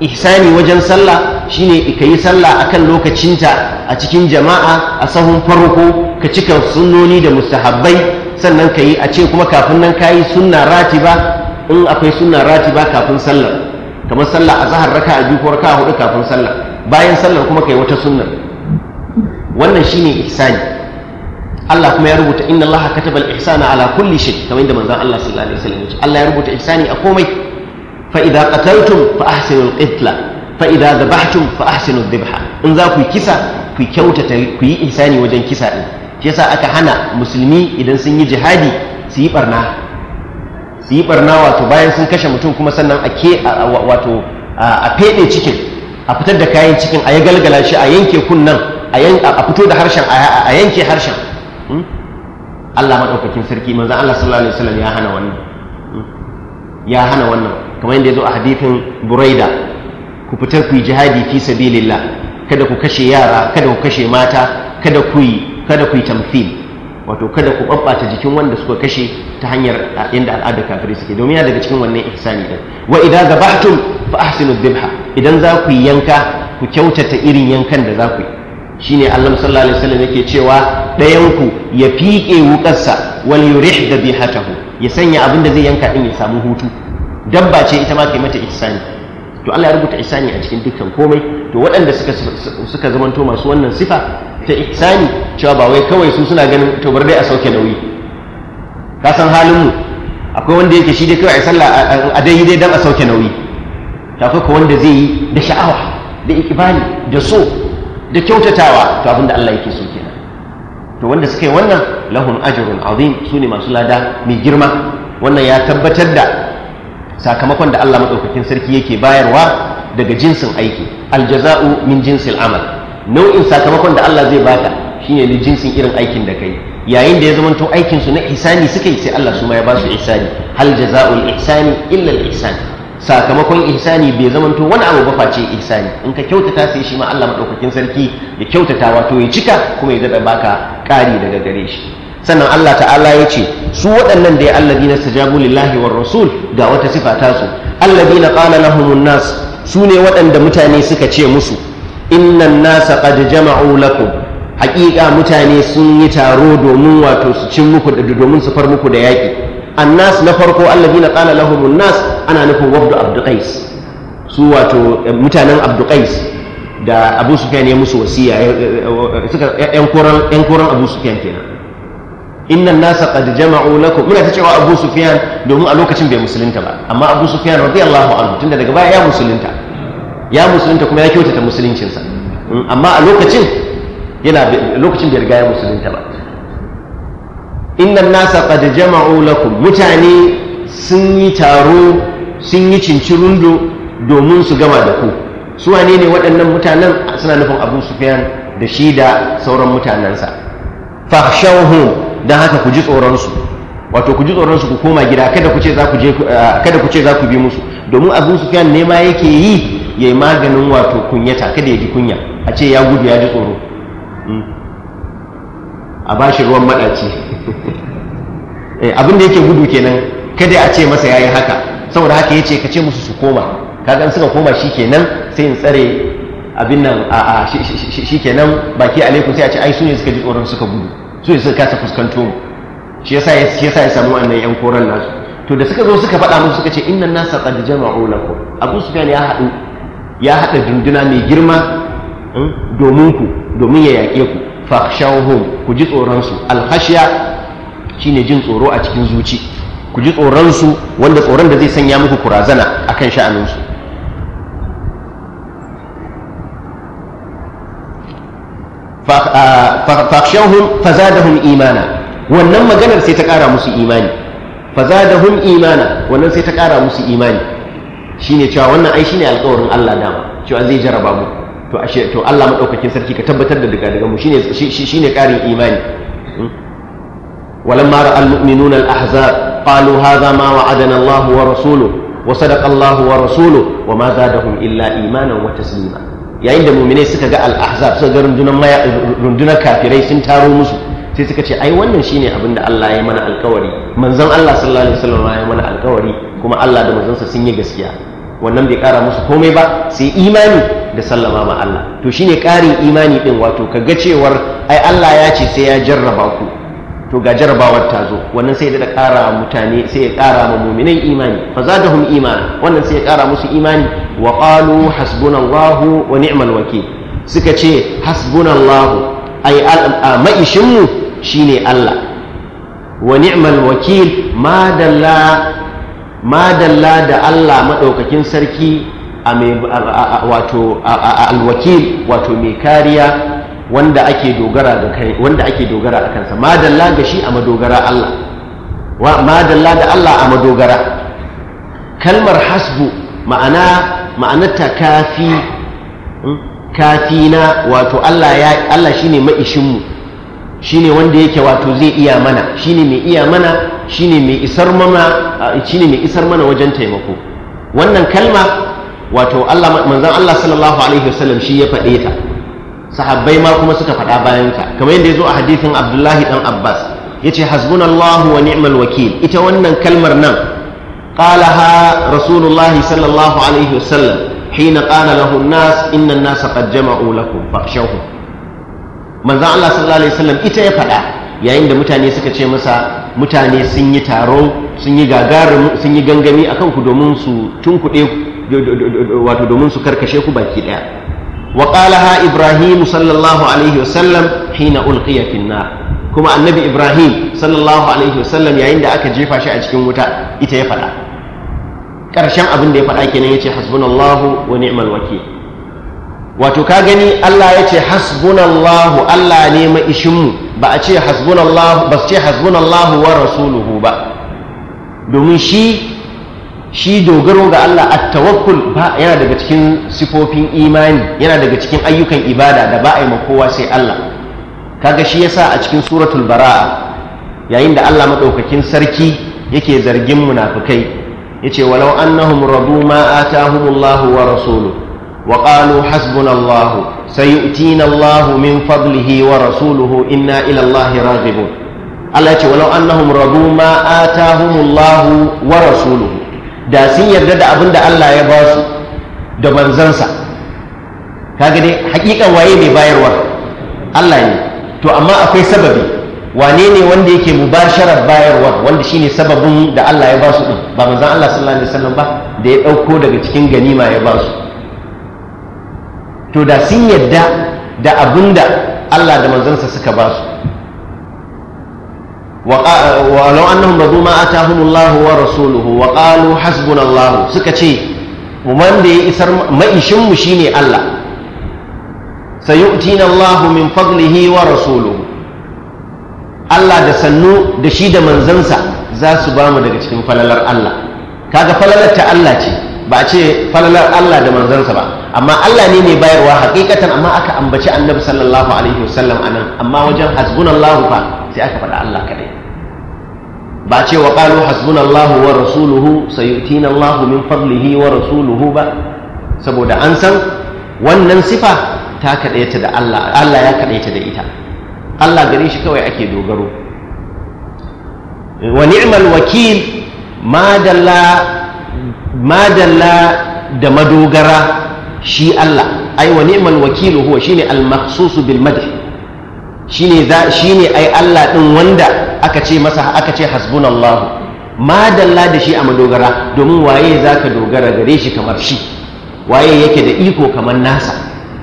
ihsani wajen sallah shine ka yi sallah akan lokacinta a cikin jama'a a sahun farko ka cika sunnoni da mustahabbai sannan ka yi a ce kuma kafin nan ka yi sunna ratiba in akwai sunna ratiba kafin sallar kamar sallar a zahar raka a biyu ko hudu kafin sallar bayan sallar kuma ka yi wata sunna wannan shine ihsani Allah kuma ya rubuta inna Allah kataba al-ihsana ala kulli shay kamar yadda manzan Allah sallallahu alaihi wasallam ya ce Allah ya rubuta ihsani a komai fa idza qataltum fa ahsinu al-qitla fa idza dhabhtum fa ahsinu adh-dhabha in za ku yi kisa ku kyautata ku yi ihsani wajen kisa din shi yasa aka hana musulmi idan sun yi jihadi su yi barna su yi barna wato bayan sun kashe mutum kuma sannan a ke wato a fede cikin a fitar da kayan cikin a ya galgala shi a yanke kunnan a fito da harshen a yanke harshen hmm? Allah maɗaukakin sarki manzan Allah sallallahu alaihi wasallam ya hana wannan hmm? ya hana wannan kamar yadda ya zo a hadifin buraida ku fitar ku yi jihadi fi sabilillah kada ku kashe yara kada ku kashe mata kada ku yi kada ku yi tamfil wato kada ku babbata jikin wanda suka kashe ta hanyar inda al'adar kafirai suke domin yana daga cikin wannan ihsani din wa idza zabahtum fa ahsinu dhabha idan za ku yi yanka ku kyautata irin yankan da za ku yi shine Allah sallallahu alaihi wasallam yake cewa ɗayan ku ya fike wukarsa wal yurih dhabihatahu ya sanya abin da zai yanka din ya samu hutu dabba ce ita ma kai mata ihsani to Allah ya rubuta ihsani a cikin dukkan komai to waɗanda suka suka zamanto masu wannan sifa ta ihsani cewa ba wai kawai su suna ganin to bar dai a sauke nauyi ka san halin mu akwai wanda yake shi dai kawai sallah a dai dai dan a sauke nauyi ta akwai ko wanda zai yi da sha'awa da ikibani, da so da kyautatawa to abin da Allah yake so kenan to wanda suka yi wannan lahum ajrun azim ne masu lada mai girma wannan ya tabbatar da sakamakon da Allah madaukakin sarki yake bayarwa daga jinsin aiki aljaza'u min jinsil amal nau'in sakamakon da Allah zai baka shine ne jinsin irin aikin da kai yayin da ya zama to aikin su na ihsani suka yi sai Allah su ma ya ba su ihsani hal jaza'ul ihsani illa al ihsan sakamakon ihsani bai zama to wani abu ba face ihsani in ka kyautata sai shi ma Allah madaukakin sarki ya kyautata wato ya cika kuma ya dada baka kari daga gare shi sannan Allah ta'ala ya ce su waɗannan da ya allabi na stajabu lillahi war rasul ga wata sifa tasu allabi na ƙala lahumun nas su ne waɗanda mutane suka ce musu innan nasa qad jama'u lakum haƙiƙa mutane sun yi taro domin wato su cin muku da domin su far muku da yaƙi annas na farko allazina qala lahumun nas ana nufin wafdu abduqais su wato eh, mutanen abduqais da abu sufyan ya musu wasiya eh, eh, suka yan koran yan koran abu sufyan kenan innan nasa qad jama'u lakum muna ta cewa abu sufyan domin a lokacin bai musulunta ba amma abu sufyan radiyallahu anhu tunda daga baya ya musulunta ya musulunta kuma ya kyautata musuluncinsa mm, amma a lokacin yana lokacin bai riga ya musulunta ba innan nasa qad jama'u lakum mutane sun yi taro sun yi cincirundo domin su gama da ku su wane ne waɗannan mutanen suna nufin abu sufyan da shi da sauran mutanensa fahshawhum dan haka ku ji tsoronsu wato ku ji tsoronsu ku koma gida kada ku ce za ku je eh, kada ku ce za ku bi musu domin abu sufyan ne ma yake yi ya yi maganin wato kunyata kada ya ji kunya a ce ya gudu ya ji tsoro hmm. a ba shi ruwan maɗaci *laughs* eh, abin da yake gudu kenan kada a ce masa ya yi haka saboda haka ya ce ka ce musu su koma kagan in suka koma shi kenan sai in tsare abin nan a shi kenan baki laifin sai a ce ai su ne suka ji tsoron suka gudu su ne suka kasa fuskanto mu shi yasa ya shi yasa ya samu wannan yan koran nasu to da suka zo suka faɗa musu suka ce innan nasa qad jama'u lakum abu gani ya haɗu ya haɗa dunduna mai girma hmm, domin ku domin ya yaƙe ku fakshawhum ku ji tsoronsu alhashiya ne jin tsoro a cikin zuci ku ji tsoronsu wanda tsoron da zai sanya muku kurazana akan sha'aninsu ah, da hun imana wannan maganar sai ta ƙara musu imani fazadahum imana wannan sai ta ƙara musu imani shine cewa wannan ai shine alƙawarin Allah dama cewa zai jaraba mu to ashe to Allah madaukakin sarki ka tabbatar da daga daga mu shine shine ƙarin imani hmm? hadha ma wa'adana Allah wa rasuluhu wa sadaqa Allah wa rasuluhu wa ma zadahum illa imanan wa taslima yayin da muminai suka ga al'ahzab suka ga rundunar kafirai sun taro musu sai suka ce ai wannan shine abin da Allah ya mana alkawari manzon Allah sallallahu alaihi wasallam ya mana alkawari kuma Allah da manzonsa sun yi gaskiya wannan bai kara musu komai ba sai imani da sallama ma Allah to shine karin imani din wato ka ga cewar ai Allah ya ce sai ya jarraba ku to ga jarrabawar ta zo wannan sai da kara mutane sai ya kara ma mu'minan imani fa zadahum imana wannan sai ya kara musu imani wa qalu hasbunallahu wa ni'mal wakil suka ce hasbunallahu ai ma'ishinmu shine Allah wa ni'mal wakil ma dalla madalla da Allah maɗaukakin sarki a wato alwakil wato mai kariya wanda ake dogara a kansa madalla ga shi a madogara Allah madalla da Allah a madogara kalmar hasbu ma'ana ta kafi hmm, kafina wato Allah shine maishinmu shine wanda yake wato zai iya mana shine mai iya mana shine mai isar mana shine mai isar mana wajen taimako wannan kalma wato Allah manzon Allah sallallahu alaihi wasallam shi ya faɗe ta sahabbai ma kuma suka faɗa bayan ta kamar yadda yazo a hadisin Abdullahi dan Abbas yace hasbunallahu wa ni'mal wakil ita wannan kalmar nan qalaha rasulullahi sallallahu alaihi wasallam hina qala lahu an-nas inna an-nasa qad jama'u lakum fakhshawhum manzon Allah sallallahu alaihi wasallam ita ya faɗa yayin da mutane suka ce masa mutane sun yi taro sun yi gagarin sun yi gangami akan ku domin su tunkuɗe wato domin su karkashe ku baki ɗaya wa qalaha ibrahim sallallahu alaihi wasallam hina ulqiya fi kuma annabi ibrahim sallallahu alaihi wasallam yayin da aka jefa shi a cikin wuta ita ya faɗa ƙarshen abin da ya faɗa kenan yace hasbunallahu wa ni'mal wakil wato ka gani Allah ya ce hasbunallahu Allah ne ma'ishinmu ba a ce hasbunallahu ba su ce hasbunallahu wa rasuluhu ba domin shi shi dogaro ga Allah a tawakkul ba yana daga cikin sifofin imani yana daga cikin ayyukan ibada da ba a yi kowa sai Allah kaga shi yasa a cikin suratul bara'a yayin da Allah madaukakin sarki yake zargin munafikai yace walau annahum radu ma atahumullahu wa rasuluhu وقالوا حسبنا الله سيؤتينا الله من فضله ورسوله إنا إلى الله Allah ce walau annahum radu ma atahumullahu wa rasuluhu da sun yarda da abin da Allah ya ba su da manzansa kaga dai hakikan waye mai bayarwa Allah ne to amma akwai sababi wane ne wanda yake mubasharar bayarwa wanda shine sababin da Allah ya ba su din ba manzan Allah sallallahu alaihi wasallam ba da ya dauko daga cikin ganima ya ba su to da sun yadda da abinda Allah da manzansa suka ba su walau annahum radu ma atahum Allah wa rasuluhu wa qalu hasbuna Allah suka ce da ya isar ma'ishinmu mu shine Allah sayu'tina Allah min fadlihi wa rasuluhu Allah da sannu da shi da manzansa za su ba mu daga cikin falalar Allah kaga falalar ta Allah ce ba a ce falalar Allah da manzansa ba amma Allah ne mai bayarwa hakikatan amma aka ambaci annabi sallallahu alaihi wasallam anan amma wajen hasbunallahu fa sai aka faɗa Allah kadai ba ce wa qalu hasbunallahu wa rasuluhu sayutina min fadlihi wa rasuluhu ba saboda an san wannan sifa ta kadaita da Allah Allah ya kadaita da ita Allah gare shi kawai ake dogaro wa ni'mal wakil ma dalla da madogara shi Allah ai wa ni'mal wakilu huwa shine al makhsusu bil madh shine za shine ai Allah din wanda aka ce masa aka ce hasbunallahu ma dalla da shi a madogara domin waye zaka dogara gare shi kamar shi waye yake da iko kamar nasa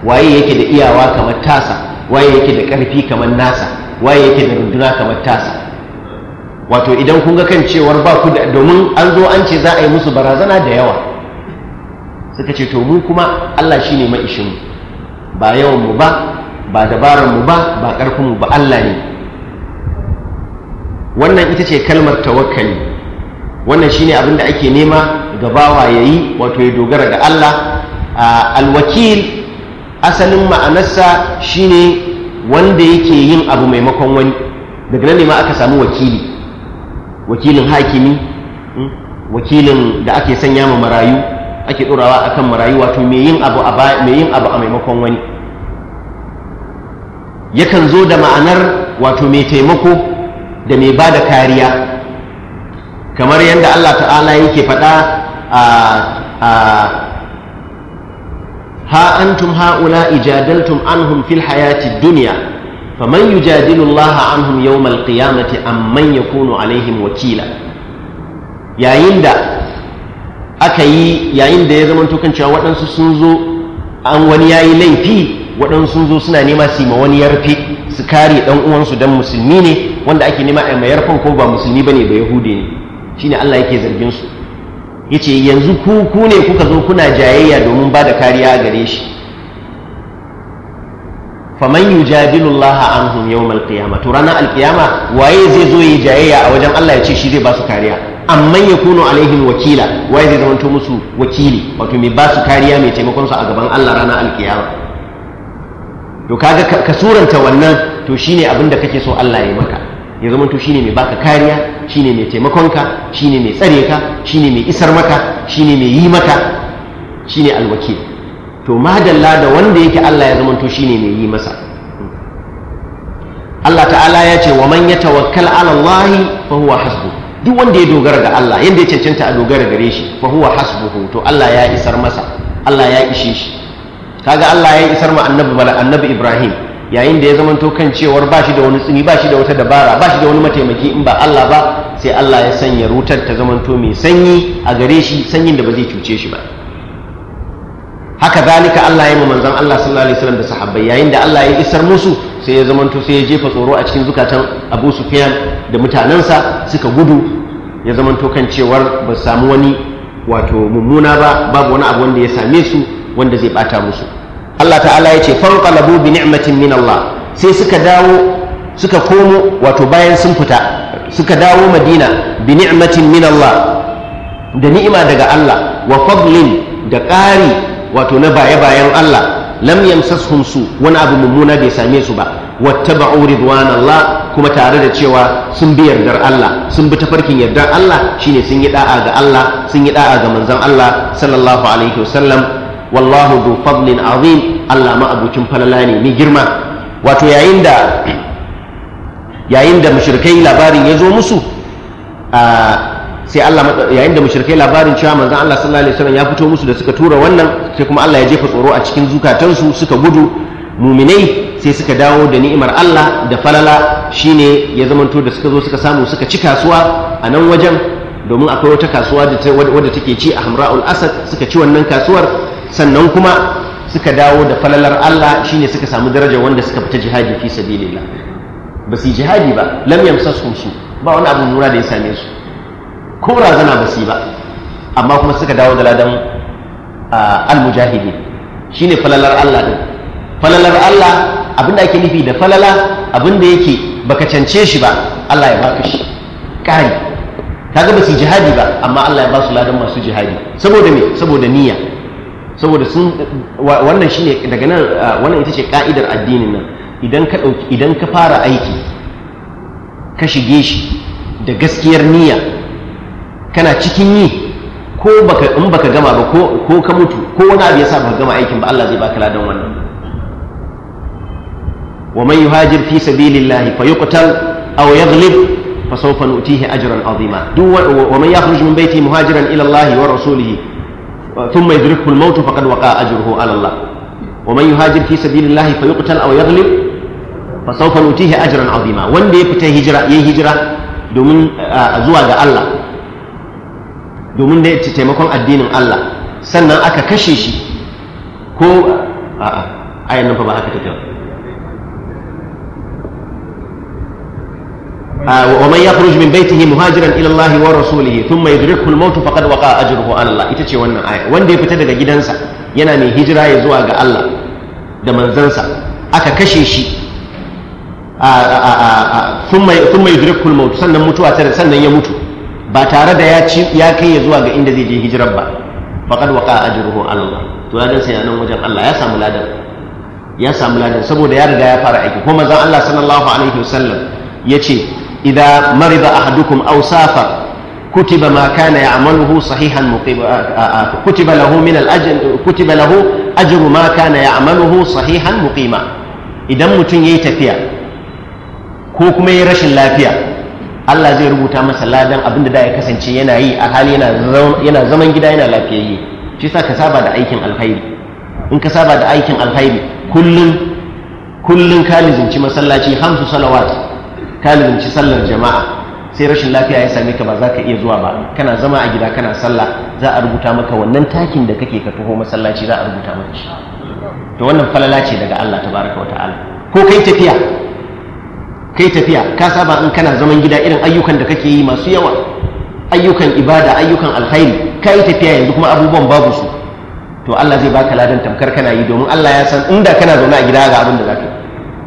waye yake da iyawa kamar tasa waye yake da ƙarfi kamar nasa waye yake da runduna kamar tasa wato idan kun ga kan cewar ba ku da domin an zo an ce za a yi musu barazana da yawa suka ce to mu kuma Allah shi shine maishin ba yawan mu ba ba dabaran mu ba ba karfin ba Allah ne wannan ita ce kalmar tawakkali wannan shine abin da ake nema ga bawa yi wato ya dogara ga Allah alwakil asalin ma'anarsa shi ne wanda yake yin abu maimakon wani daga nan ne ma aka samu wakili wakilin hakimi hmm? wakilin da ake sanya ma marayu ake ɗorawa akan marayu wato mai yin abu a maimakon wani yakan zo da ma'anar wato mai taimako da mai ba da kariya kamar yadda Allah ta'ala yake faɗa a ha antum ha'ula ijadaltum anhum fil hayati duniya faman yujadilu Allah anhum yawmal qiyamati amman yakunu alaihim wakila yayin da aka yi yayin da ya zama kan cewa waɗansu sun zo an wani ya yi laifi waɗansu sun zo suna nema su yi ma wani yarfe su kare ɗan uwansu dan musulmi ne wanda ake nema a mai yarfan ko ba musulmi ne ba yahude ne shine Allah yake zargin su yace yanzu ku ne kuka zo kuna jayayya domin ba da kariya a gare shi faman yujadilu Allah anhum yawm al-qiyamah to ranar al waye zai zo yi jayayya a wajen Allah ya ce shi zai ba su kariya amma ya kuno alaihim wakila waye zai zamanto musu wakili wato mai ba su kariya mai taimakon a gaban Allah rana alkiyama to kaga ka suranta wannan to shine abin da kake so Allah ya maka ya zamanto shine mai baka kariya shine mai taimakonka, ka shine mai tsare ka shine mai isar maka shine mai yi maka shine alwakil to madalla da wanda yake Allah ya zamanto shine mai yi masa Allah ta'ala ya ce wa man yatawakkal ala Allah fa huwa hasbuh duk wanda ya dogara ga Allah yanda ya cancanta a dogara gare shi fa huwa hasbuhu to Allah ya isar masa Allah ya ishe shi kaga Allah ya isar ma annabi bala annabi Ibrahim yayin da ya zamanto kan cewar ba shi da wani tsini ba shi da wata dabara ba shi da wani mataimaki in ba Allah ba sai Allah ya sanya rutar ta zamanto mai sanyi a gare shi sanyin da ba zai cuce shi ba haka zalika Allah ya yi manzon Allah sallallahu alaihi wasallam da sahabbai yayin da Allah ya isar musu sai ya zamanto sai ya jefa tsoro a cikin zukatan Abu Sufyan da mutanansa suka gudu ya zama kan cewar ba samu wani wato mummuna ba babu wani abu wanda ya same su wanda zai bata musu Allah ta'ala ya ce fanqalabu bi ni'matin min Allah sai suka dawo suka komo wato bayan sun fita suka dawo Madina bi ni'matin min Allah da ni'ima daga Allah wa fadlin da ƙari wato na baya bayan Allah lam yamsashum su wani abu mummuna bai same su ba wattaba'u ridwanallah kuma tare da cewa sun bi yardar Allah sun bi tafarkin yardar Allah shine sun yi da'a ga Allah sun yi da'a ga manzon Allah sallallahu alaihi wasallam wallahu du fadlin azim Allah ma abucin falala ne mai girma wato yayin da yayin da mushrikai labarin ya zo musu a sai Allah yayin da mushrike labarin cewa manzon Allah sallallahu alaihi wasallam ya fito musu da suka tura wannan sai kuma Allah ya jefa tsoro a cikin zukatansu suka gudu muminai sai suka dawo da ni'imar Allah da falala shine ya zamanto da suka zo suka samu suka ci kasuwa a nan wajen domin akwai wata kasuwa wadda take ci a Hamra'ul Asad suka ci wannan kasuwar sannan kuma suka dawo da falalar Allah shine suka samu darajar wanda suka fita jihadi fi sabilillah ba su jihadi ba lam yamsasuhum su ba wani abu nura da ya same su ko razana ba su yi ba amma kuma suka dawo da ladan al-mujahidi ne falalar Allah ɗin falalar Allah abinda ake nufi da falala abinda yake baka cance shi ba Allah ya baka shi kari kaga ba su jihadi ba amma Allah ya ba su ladan masu jihadi saboda me saboda niyya saboda sun wannan shine daga nan wannan ita ce ka'idar addinin nan idan ka idan ka fara aiki ka shige shi da gaskiyar niyya kana cikin yi ko baka in baka gama ba ko ka mutu ko wani abu yasa baka gama aikin ba Allah zai baka ladan wannan wa man yuhajir fi sabilillahi fayuqtal aw yaghlib فسوف نؤتيه اجرا عظيما ومن يخرج من بيته مهاجرا الى الله ورسوله ثم يدركه الموت فقد وقع اجره على الله ومن يهاجر في سبيل الله فيقتل او يغلب فسوف نؤتيه اجرا عظيما Wanda ya فتا هجره يي hijira domin zuwa ga Allah domin da ya taimakon addinin Allah sannan aka kashe shi ko a'a ayan nan fa ba haka take ba ah, wa man yakhruj min baytihi muhajiran ila Allah wa rasulihi thumma yudrikhu al-maut faqad waqa'a ajruhu ala Allah ita ce wannan aya wanda ya fita daga gidansa yana mai hijira ya zuwa ga Allah da manzansa aka kashe shi ah, ah, thumma yudrikhu al-maut sannan mutuwa ta sannan ya mutu ba tare da ya ci ya kai ya zuwa ga inda zai je hijirar ba faqad waqa ajruhu Allah to ladan sai nan wajen Allah ya samu ladan ya samu ladan saboda ya riga ya fara aiki kuma manzon Allah sallallahu alaihi wasallam yace idza marida ahadukum aw safar ma kana ya'maluhu sahihan صحيحا kutiba lahu min al ajr kutiba lahu ajru ma kana ya'maluhu sahihan muqima idan mutum yayi tafiya ko kuma yayi rashin lafiya Allah zai rubuta masa ladan abin da da ya kasance yana yi a hali yana zaman gida yana lafiyayye shi sa ka saba da aikin alkhairi in ka saba da aikin alkhairi kullum kullum ka lizinci masallaci hamsu salawat ka lizinci sallar jama'a sai rashin lafiya ya same ka ba za ka iya zuwa ba kana zama a gida kana sallah za a rubuta maka wannan takin da kake ka taho masallaci za a rubuta maka shi to wannan falala ce daga Allah tabaraka wa ta'ala ko kai tafiya kai tafiya ka saba in kana zaman gida irin ayyukan da kake yi masu yawa ayyukan ibada ayyukan alkhairi kai tafiya yanzu kuma abubuwan babu su to Allah zai baka ladan tamkar kana yi domin Allah ya san inda kana zaune a gida ga abin da zaka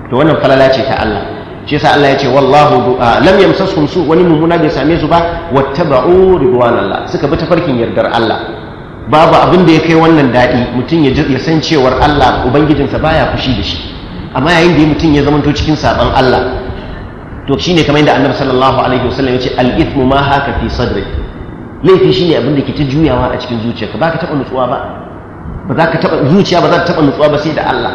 to wannan falala ce ta Allah shi yasa Allah ya ce wallahu lam yamsaskum su wani mummuna bai same su ba wattaba'u ridwanallah suka bi tafarkin yardar Allah babu abin da ya kai wannan daɗi mutum ya san cewar Allah ubangijinsa baya fushi da shi amma yayin da mutum ya zamanto cikin saban Allah to shine kamar yadda annabi sallallahu alaihi wasallam ya ce al ma haka fi sadri laifi shine abin da ke ta juyawa a cikin zuciyarka ba ka taɓa nutsuwa ba ba za ka taɓa zuciya ba za ta taɓa nutsuwa ba sai da Allah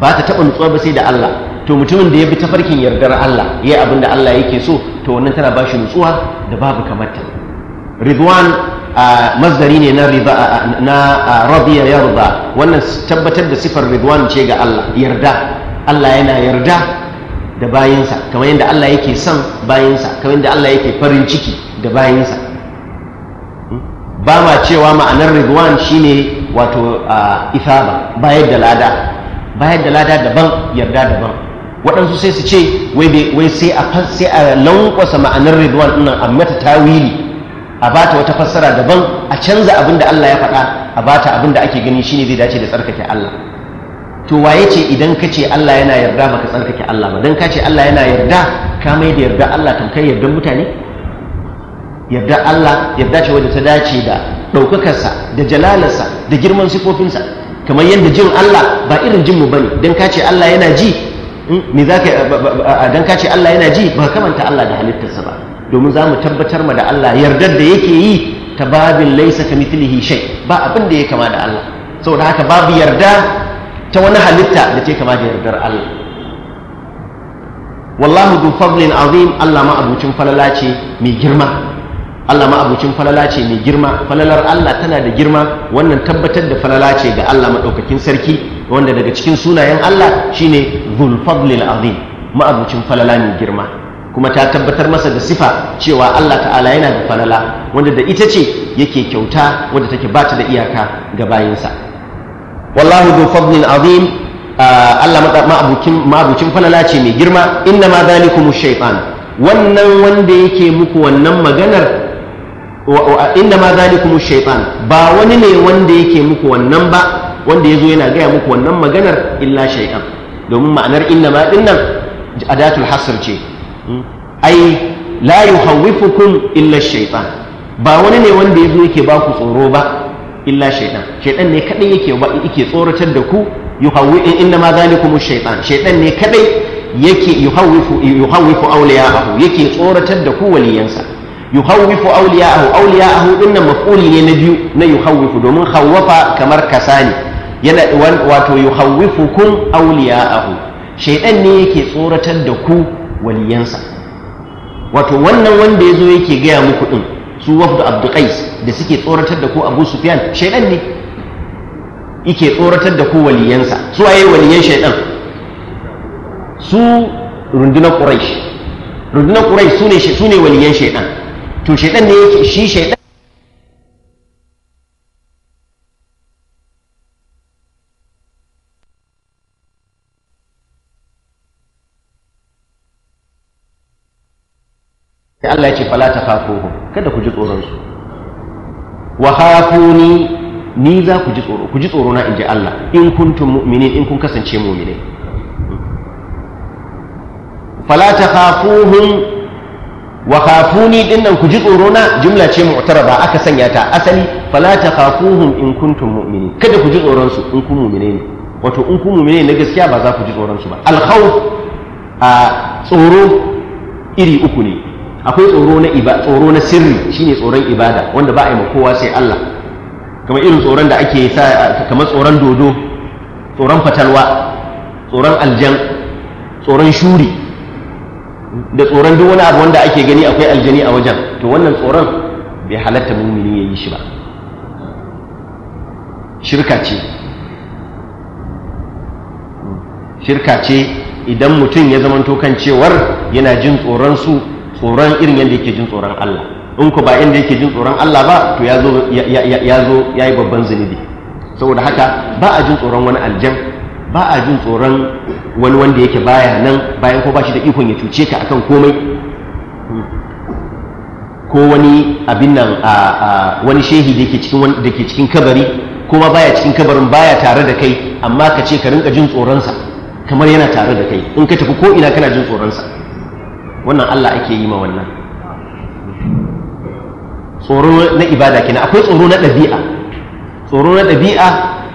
ba ta taɓa nutsuwa ba sai da Allah to mutumin da ya bi ta farkin yardar Allah ya abin da Allah yake so to wannan tana ba shi nutsuwa da babu kamar ta ridwan mazdari ne na riba na radiya yarda wannan tabbatar da sifar ridwan ce ga Allah yarda Allah yana yarda da bayansa kamar yadda Allah yake son bayansa kamar yadda Allah yake farin ciki da bayansa hmm? ba ma cewa ma'anar shi shine wato ifaba bayar da lada bayar da lada daban yarda daban waɗansu sai su ce wai sai a lankwasa ma'anar rigwan ɗin a mata tawili a bata wata fassara daban a canza abin da Allah ya faɗa a bata abin da ake gani shine zai dace da tsarkake Allah to wa ya ce idan ka ce Allah yana yarda baka tsarkake Allah ba dan ka ce Allah yana yarda ka mai da yarda Allah tamkar yardan mutane yarda Allah yarda ce wadda ta dace da ɗaukakarsa da jalalarsa da girman sifofinsa kamar yadda jin Allah ba irin jinmu ba ne don ka ce Allah yana ji hmm, me za ka don ka ce Allah yana ji ba kamanta Allah da halittarsa ba domin za mu tabbatar ma da Allah yardar da yake yi ta babin laisa ka mitilihi shai ba abin da ya kama da Allah saboda haka babu yarda ta wani halitta da ce kama da yardar Allah wallahu du fadlin azim Allah ma abucin falala ce mai girma Allah ma abucin falala ce mai girma falalar Allah tana da girma wannan tabbatar da falala ce ga Allah maɗaukakin sarki wanda daga cikin sunayen Allah shine dhul fadlil azim ma abucin falala mai girma kuma ta tabbatar masa da sifa cewa Allah ta'ala yana da falala wanda da ita ce yake kyauta wanda take bata da iyaka ga bayinsa wallahu dhu fadlin azim Allah ma'abucin falala ce mai girma inna ma zalikumu shaytan wannan wanda yake muku wannan maganar inna ma zalikumu shaytan ba wani ne wanda yake muku wannan ba wanda yazo yana gaya muku wannan maganar illa shaytan domin ma'anar inna ma dinnan adatul hasr ce ai la yuhawwifukum illa shaytan ba wani ne wanda yazo yake ba ku tsoro ba illa shaitan shaitan ne kadai yake yake tsoratar da ku yuhawwi in inna ma zalikum shaitan shaitan ne kadai yake yuhawwifu yuhawwifu awliya'ahu yake tsoratar da ku waliyansa yuhawwifu awliya'ahu awliya'ahu inna maf'uli ne na biyu na yuhawwifu domin khawafa kamar kasani yana wato yuhawwifukum awliya'ahu shaitan ne yake tsoratar da ku waliyansa wato wannan wanda yazo yake gaya muku din su wafdu Abdukais da suke tsoratar da ku abu sufyan shaidan ne yake tsoratar da ku waliyansa su waye waliyan shaidan su rundunar ƙurai. rundunar ƙurai su ne waliyan shaidan to shaidan ne yake shi shaidan sai Allah ya ce fala ta khafuhum kada ku ji tsoron su wa khafuni ni za ku ji tsoro ku ji tsoro na inji Allah in kuntum mu'minin in kun kasance mu'minai fala ta khafuhum wa khafuni nan ku ji tsoro na jumla ce mu'taraba aka sanya ta asali fala ta khafuhum in kuntum mu'minin kada ku ji tsoron su in kun mu'minai ne wato in kun mu'minai na gaskiya ba za ku ji tsoron su ba al khawf a tsoro iri uku ne akwai tsoro na iba tsoro na sirri shine tsoron ibada wanda ba a yi ma kowa sai Allah kamar irin tsoron da ake sa kamar tsoron dodo tsoron fatalwa tsoron aljan tsoron shuri da tsoron duk wani abu wanda ake gani akwai aljani a wajen to wannan tsoron bai halatta mumini ya yi shi ba shirka ce shirka ce idan mutum ya zamanto kan cewar yana jin tsoron su tsoron irin yadda yake jin tsoron Allah in ku ba inda yake jin tsoron Allah ba to ya zo ya yi babban zunubi saboda haka ba a jin tsoron wani aljan ba a jin tsoron wani wanda yake baya nan bayan ko ba shi da ikon ya cuce ka akan komai ko wani abin nan a wani shehi da ke cikin da ke cikin kabari kuma baya cikin kabarin baya tare da kai amma ka ce ka rinka jin tsoronsa kamar yana tare da kai in ka tafi ko ina kana jin tsoron sa wannan Allah ake yi ma wannan tsoro na ibada kina, akwai tsoro na ɗabi'a tsoro na ɗabi'a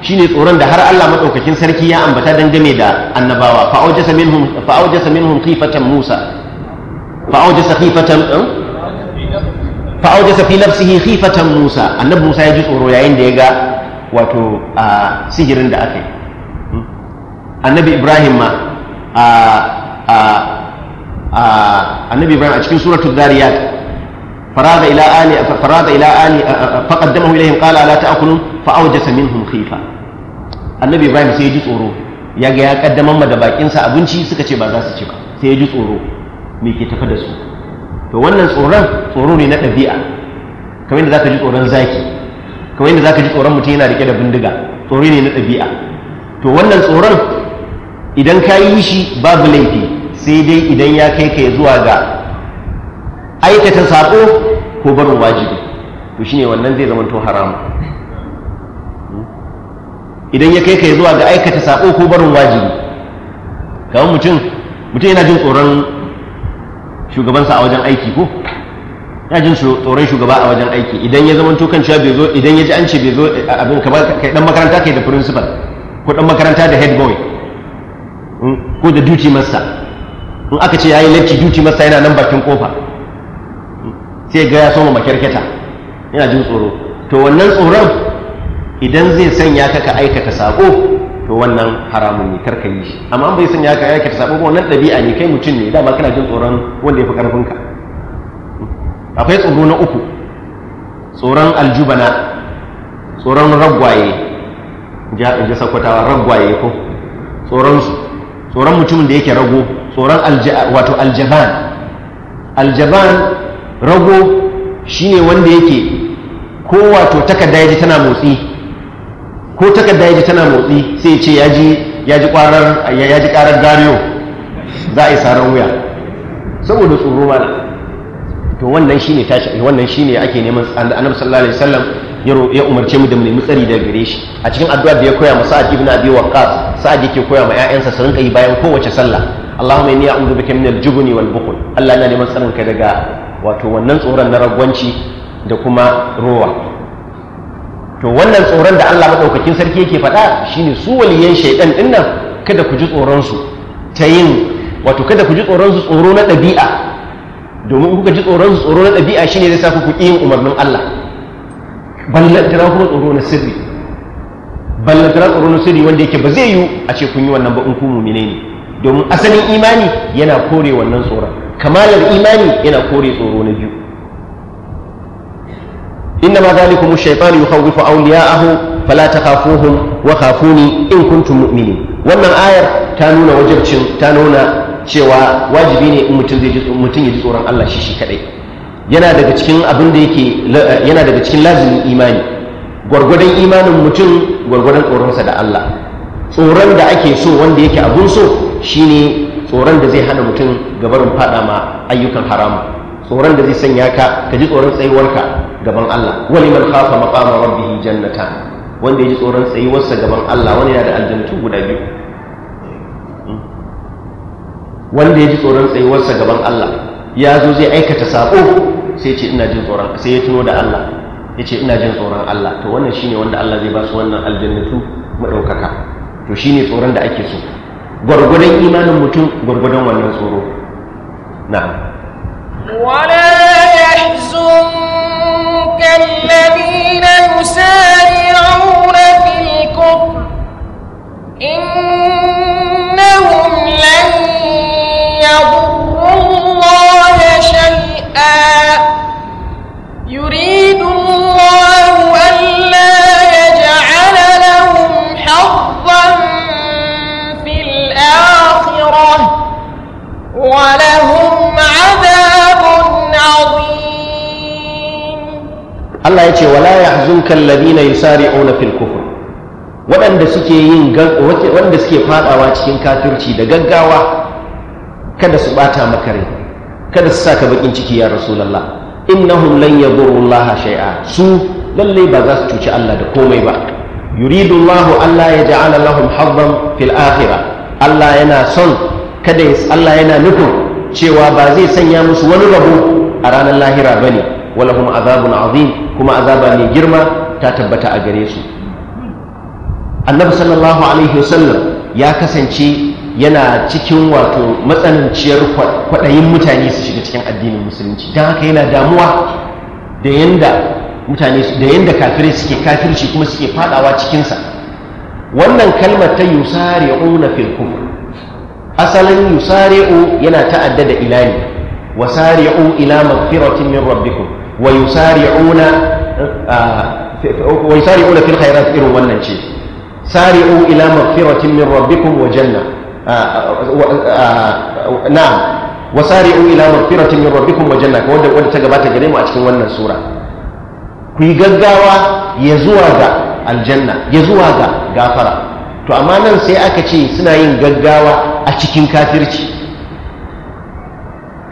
shine tsoron da har Allah madaukakin sarki ya ambata dangane da annabawa fa awjasa minhum fa awjasa minhum khifatan Musa fa awjasa khifatan eh? fa awjasa fi nafsihi khifatan Musa annabi Musa ya ji tsoro yayin da ya ga wato a sihirin da aka yi hmm? annabi Ibrahim ma a Ah, annabi ibrahim a cikin suratul zariyat فراد إلى آل فراد إلى آل فقدمه إليهم قال ألا تأكلون فأوجس annabi خيفة sai ya ji tsoro ya ga ya kaddamar ma da bakinsa abinci suka ce ba za su ci ba sai ya ji tsoro me ke tafi da su to wannan tsoron tsoro ne na ɗabi'a kamar yadda ka ji tsoron zaki kamar yadda ka ji tsoron mutum yana rike da bindiga tsoro ne na ɗabi'a to wannan tsoron idan ka yi shi babu laifi sai dai idan ya kai ka zuwa ga aikata saƙo ko barin wajibi to shine wannan zai zamanto haramu idan ya kai ka zuwa ga aikata saƙo ko barin wajibi kawai mutum mutum yana jin tsoron shugabansa a wajen aiki ko ya jin tsoron shugaba a wajen aiki idan ya zamanto kan cewa bai zo idan ya ji an ce bai zo eh, abin kamar kai dan makaranta kai da principal ko dan makaranta da head boy hmm, ko da duty master in aka ce ya yi latti duty masa yana nan bakin kofa sai ga ya soma makirketa yana jin tsoro to wannan tsoron idan zai sanya ka ka aikata sako to wannan haramun ne karka yi shi amma an bai sanya ka aikata sako ba wannan ɗabi'a ne kai mutum ne dama kana jin tsoron wanda ya fi karfin ka akwai tsoro na uku tsoron aljubana tsoron ragwaye ja sakwatawa ragwaye ko tsoron su tsoron mutumin da yake rago tsoron wato aljaban aljaban rago shine wanda yake ko wato takarda ya ji tana motsi ko takarda ya ji tana motsi sai ce ya ji ya kwarar karar gariyo za a yi saran wuya saboda tsoro mana to wannan shine tashi wannan shine ake neman annabi sallallahu alaihi wasallam ya umarce mu da mu nemi tsari daga gare shi a cikin addu'a da ya koya masa sa'ad ibn abi waqqas sa'ad yake koya ma ƴaƴansa su rinka yi bayan kowace sallah Allahumma inni a'udhu bika min al-jubni wal bukhl Allah na neman tsarin kai daga wato wannan tsoron na ragwanci da kuma rowa to wannan tsoron da Allah madaukakin sarki yake faɗa shine su waliyan shaydan din nan kada ku ji tsoron su ta yin wato kada ku ji tsoron su tsoro na ɗabi'a domin kuka ji tsoron su tsoro na ɗabi'a shine zai sa ku ku yin umarnin Allah ballantana kuma tsoro na sirri ballantana tsoro na sirri wanda yake ba zai yiwu a ce kun yi wannan ba in ku mumine ne domin asalin imani yana kore wannan tsoron kamalar imani yana kore tsoro na biyu inna ma zalikum shaytanu yukhawwifu awliya'ahu fala takhafuhum wa kafuni, in kuntum mu'minin wannan ayar ta nuna wajibcin ta nuna cewa wajibi ne in mutum ya ji tsoron Allah shi shi kadai yana daga cikin abin da yake eh, yana daga cikin lazimin imani gwargwadon imanin mutum gwargwadon tsoronsa da Allah tsoron da ake so wanda yake abun so shine tsoron da zai hana mutum gabarin fada ma ayyukan haramu tsoron da zai sanya ka ka ji tsoron tsayuwarka gaban Allah wani man khafa maqama rabbihi jannata wanda ya ji tsoron tsayuwarsa gaban Allah wani yana da aljantu guda biyu hmm? wanda ya ji tsoron tsayuwarsa gaban Allah ya zo zai aikata sako sai ce ina jin tsoron sai ya tuno da Allah ya ce ina jin tsoron Allah to wannan shine wanda Allah zai ba su wannan aljannatu madaukaka to shine tsoron da ake so gwargwadon imanin mutum gwargwadon wannan tsoro na'am ولا يحزنك الذين يسارعون في الكفر إن Allah ya ce wala yahzunka alladhina yusari'una fil kufr waɗanda suke yin waɗanda suke faɗawa cikin kafirci da gaggawa kada su ɓata maka rai kada su saka bakin ciki ya rasulullah innahum lan yadurru Allah shay'a su lallai ba za su cuci Allah da komai ba yuridu Allah Allah ya ja'ala lahum haddan fil akhirah Allah yana son kada Allah yana nufin cewa ba zai sanya musu wani rabo a ranar lahira bane walahum azabun azim kuma azaba mai girma ta tabbata a gare su annabi sallallahu alaihi wasallam ya kasance yana cikin wato matsananciyar kwaɗayin mutane su shiga cikin addinin musulunci don haka yana damuwa da yanda mutane da yanda kafirai suke kafirci kuma suke fadawa cikinsa wannan kalmar ta yusari'una na kufr asalin yusari'u yana ta'addada ila ne wasari'u ila magfiratin min rabbikum wa yusari'una wa yusari'una fil khairat irin wannan ce sari'u ila maghfiratin min rabbikum wa janna na, wa sari'u ila maghfiratin min rabbikum wa janna wanda wanda ta gabata gare mu a cikin wannan sura ku yi gaggawa ya zuwa ga aljanna ya zuwa ga gafara to amma nan sai aka ce suna yin gaggawa a cikin kafirci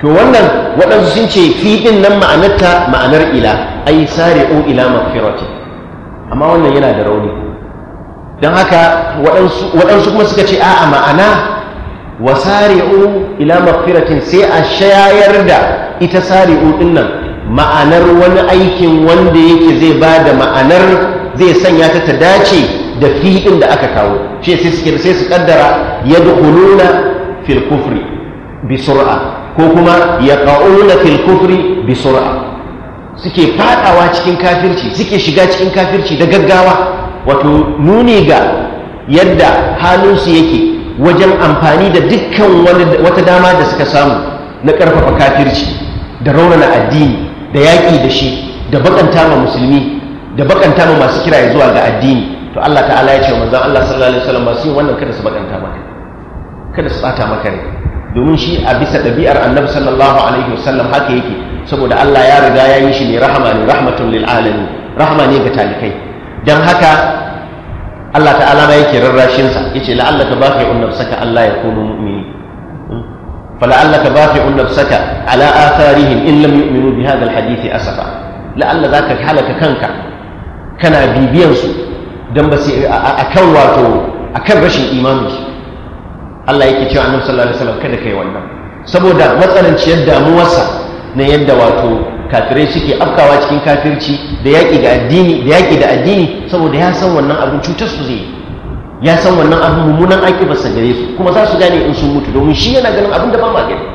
to wannan waɗansu sun ce fiɗin nan ma'anarta ma'anar ila ai sari'u ila magfirati amma wannan yana da rauni don haka waɗansu kuma suka ce a'a ma'ana wa sari'u ila magfiratin sai a shayar da ita sari'u ɗin nan ma'anar wani aikin wanda yake zai ba da ma'anar zai sanya ta ta dace da fiɗin da aka kawo shi sai su kaddara ya dukuluna fil kufri bi sur'a ko kuma ya ƙa'una fil kufri bi sur'a suke fadawa cikin kafirci suke shiga cikin kafirci da gaggawa wato nuni ga yadda halinsu yake wajen amfani da dukkan wata dama da suka samu na ƙarfafa kafirci da raunana addini da yaƙi da shi da bakanta ma musulmi da bakanta ma masu kiraye zuwa ga addini to Allah ta'ala ya ce manzon Allah sallallahu alaihi wasallam masu yin wannan kada su bakanta maka kada su tsata maka ne domin shi a bisa ɗabi'ar annabi sallallahu alaihi wasallam haka yake saboda Allah ya riga ya yi shi ne rahama ne rahmatun lil alamin rahama ne ga talikai dan haka Allah ta'ala ma yake rarrashin sa yace la'allaka un nafsaka Allah ya kunu mu'mini hmm? fala'allaka un nafsaka ala atharihim in lam yu'minu bi hadha alhadith asafa la'alla zaka halaka kanka kana bibiyan su dan ba sai akan wato akan rashin imani Allah yake cewa annabi sallallahu alaihi wasallam kada kai wannan saboda matsananciyar damuwarsa na yadda wato kafirai suke afkawa cikin kafirci da yaƙi da addini da yaƙi da addini saboda ya san wannan abin cutar su zai ya san wannan abin mummunan aƙibarsa gare su kuma za su gane in sun mutu domin shi yana ganin abin da ba ma gani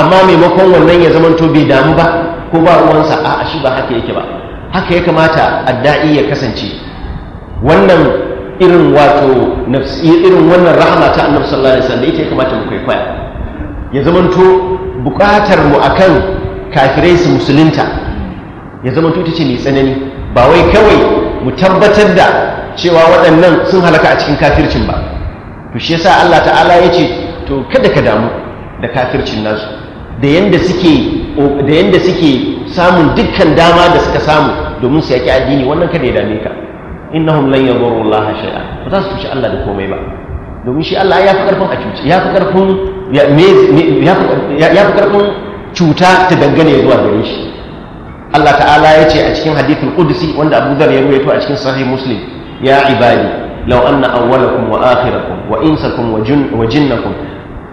amma maimakon wannan ya zamanto bai damu ba ko ba ruwansa a'a shi ba haka yake ba haka ya kamata adda'i ya kasance wannan irin wato irin wannan rahama ta annabi sallallahu alaihi wasallam ita ya kamata mu kwaikwaya ya zamanto bukatar mu akan kafirai su musulunta ya zamanto ita ce mai tsanani ba wai kawai mu tabbatar da cewa waɗannan sun halaka a cikin kafircin ba to shi yasa Allah ta'ala ya ce to kada ka damu da kafircin nasu da yanda suke da yanda suke samun dukkan dama da suka samu domin su yaki addini wannan kada ya dame ka innahum lan yadurru Allah shay'a ba za su cuci Allah da komai ba domin shi Allah ya fi karfin a cuci ya fi karfin ya fi karfin cuta ta dangane zuwa gare shi Allah ta'ala ya ce a cikin hadithul qudsi wanda Abu Dharr ya rawaito a cikin sahih Muslim ya ibadi law anna awwalakum wa akhirakum wa insakum wa jinnakum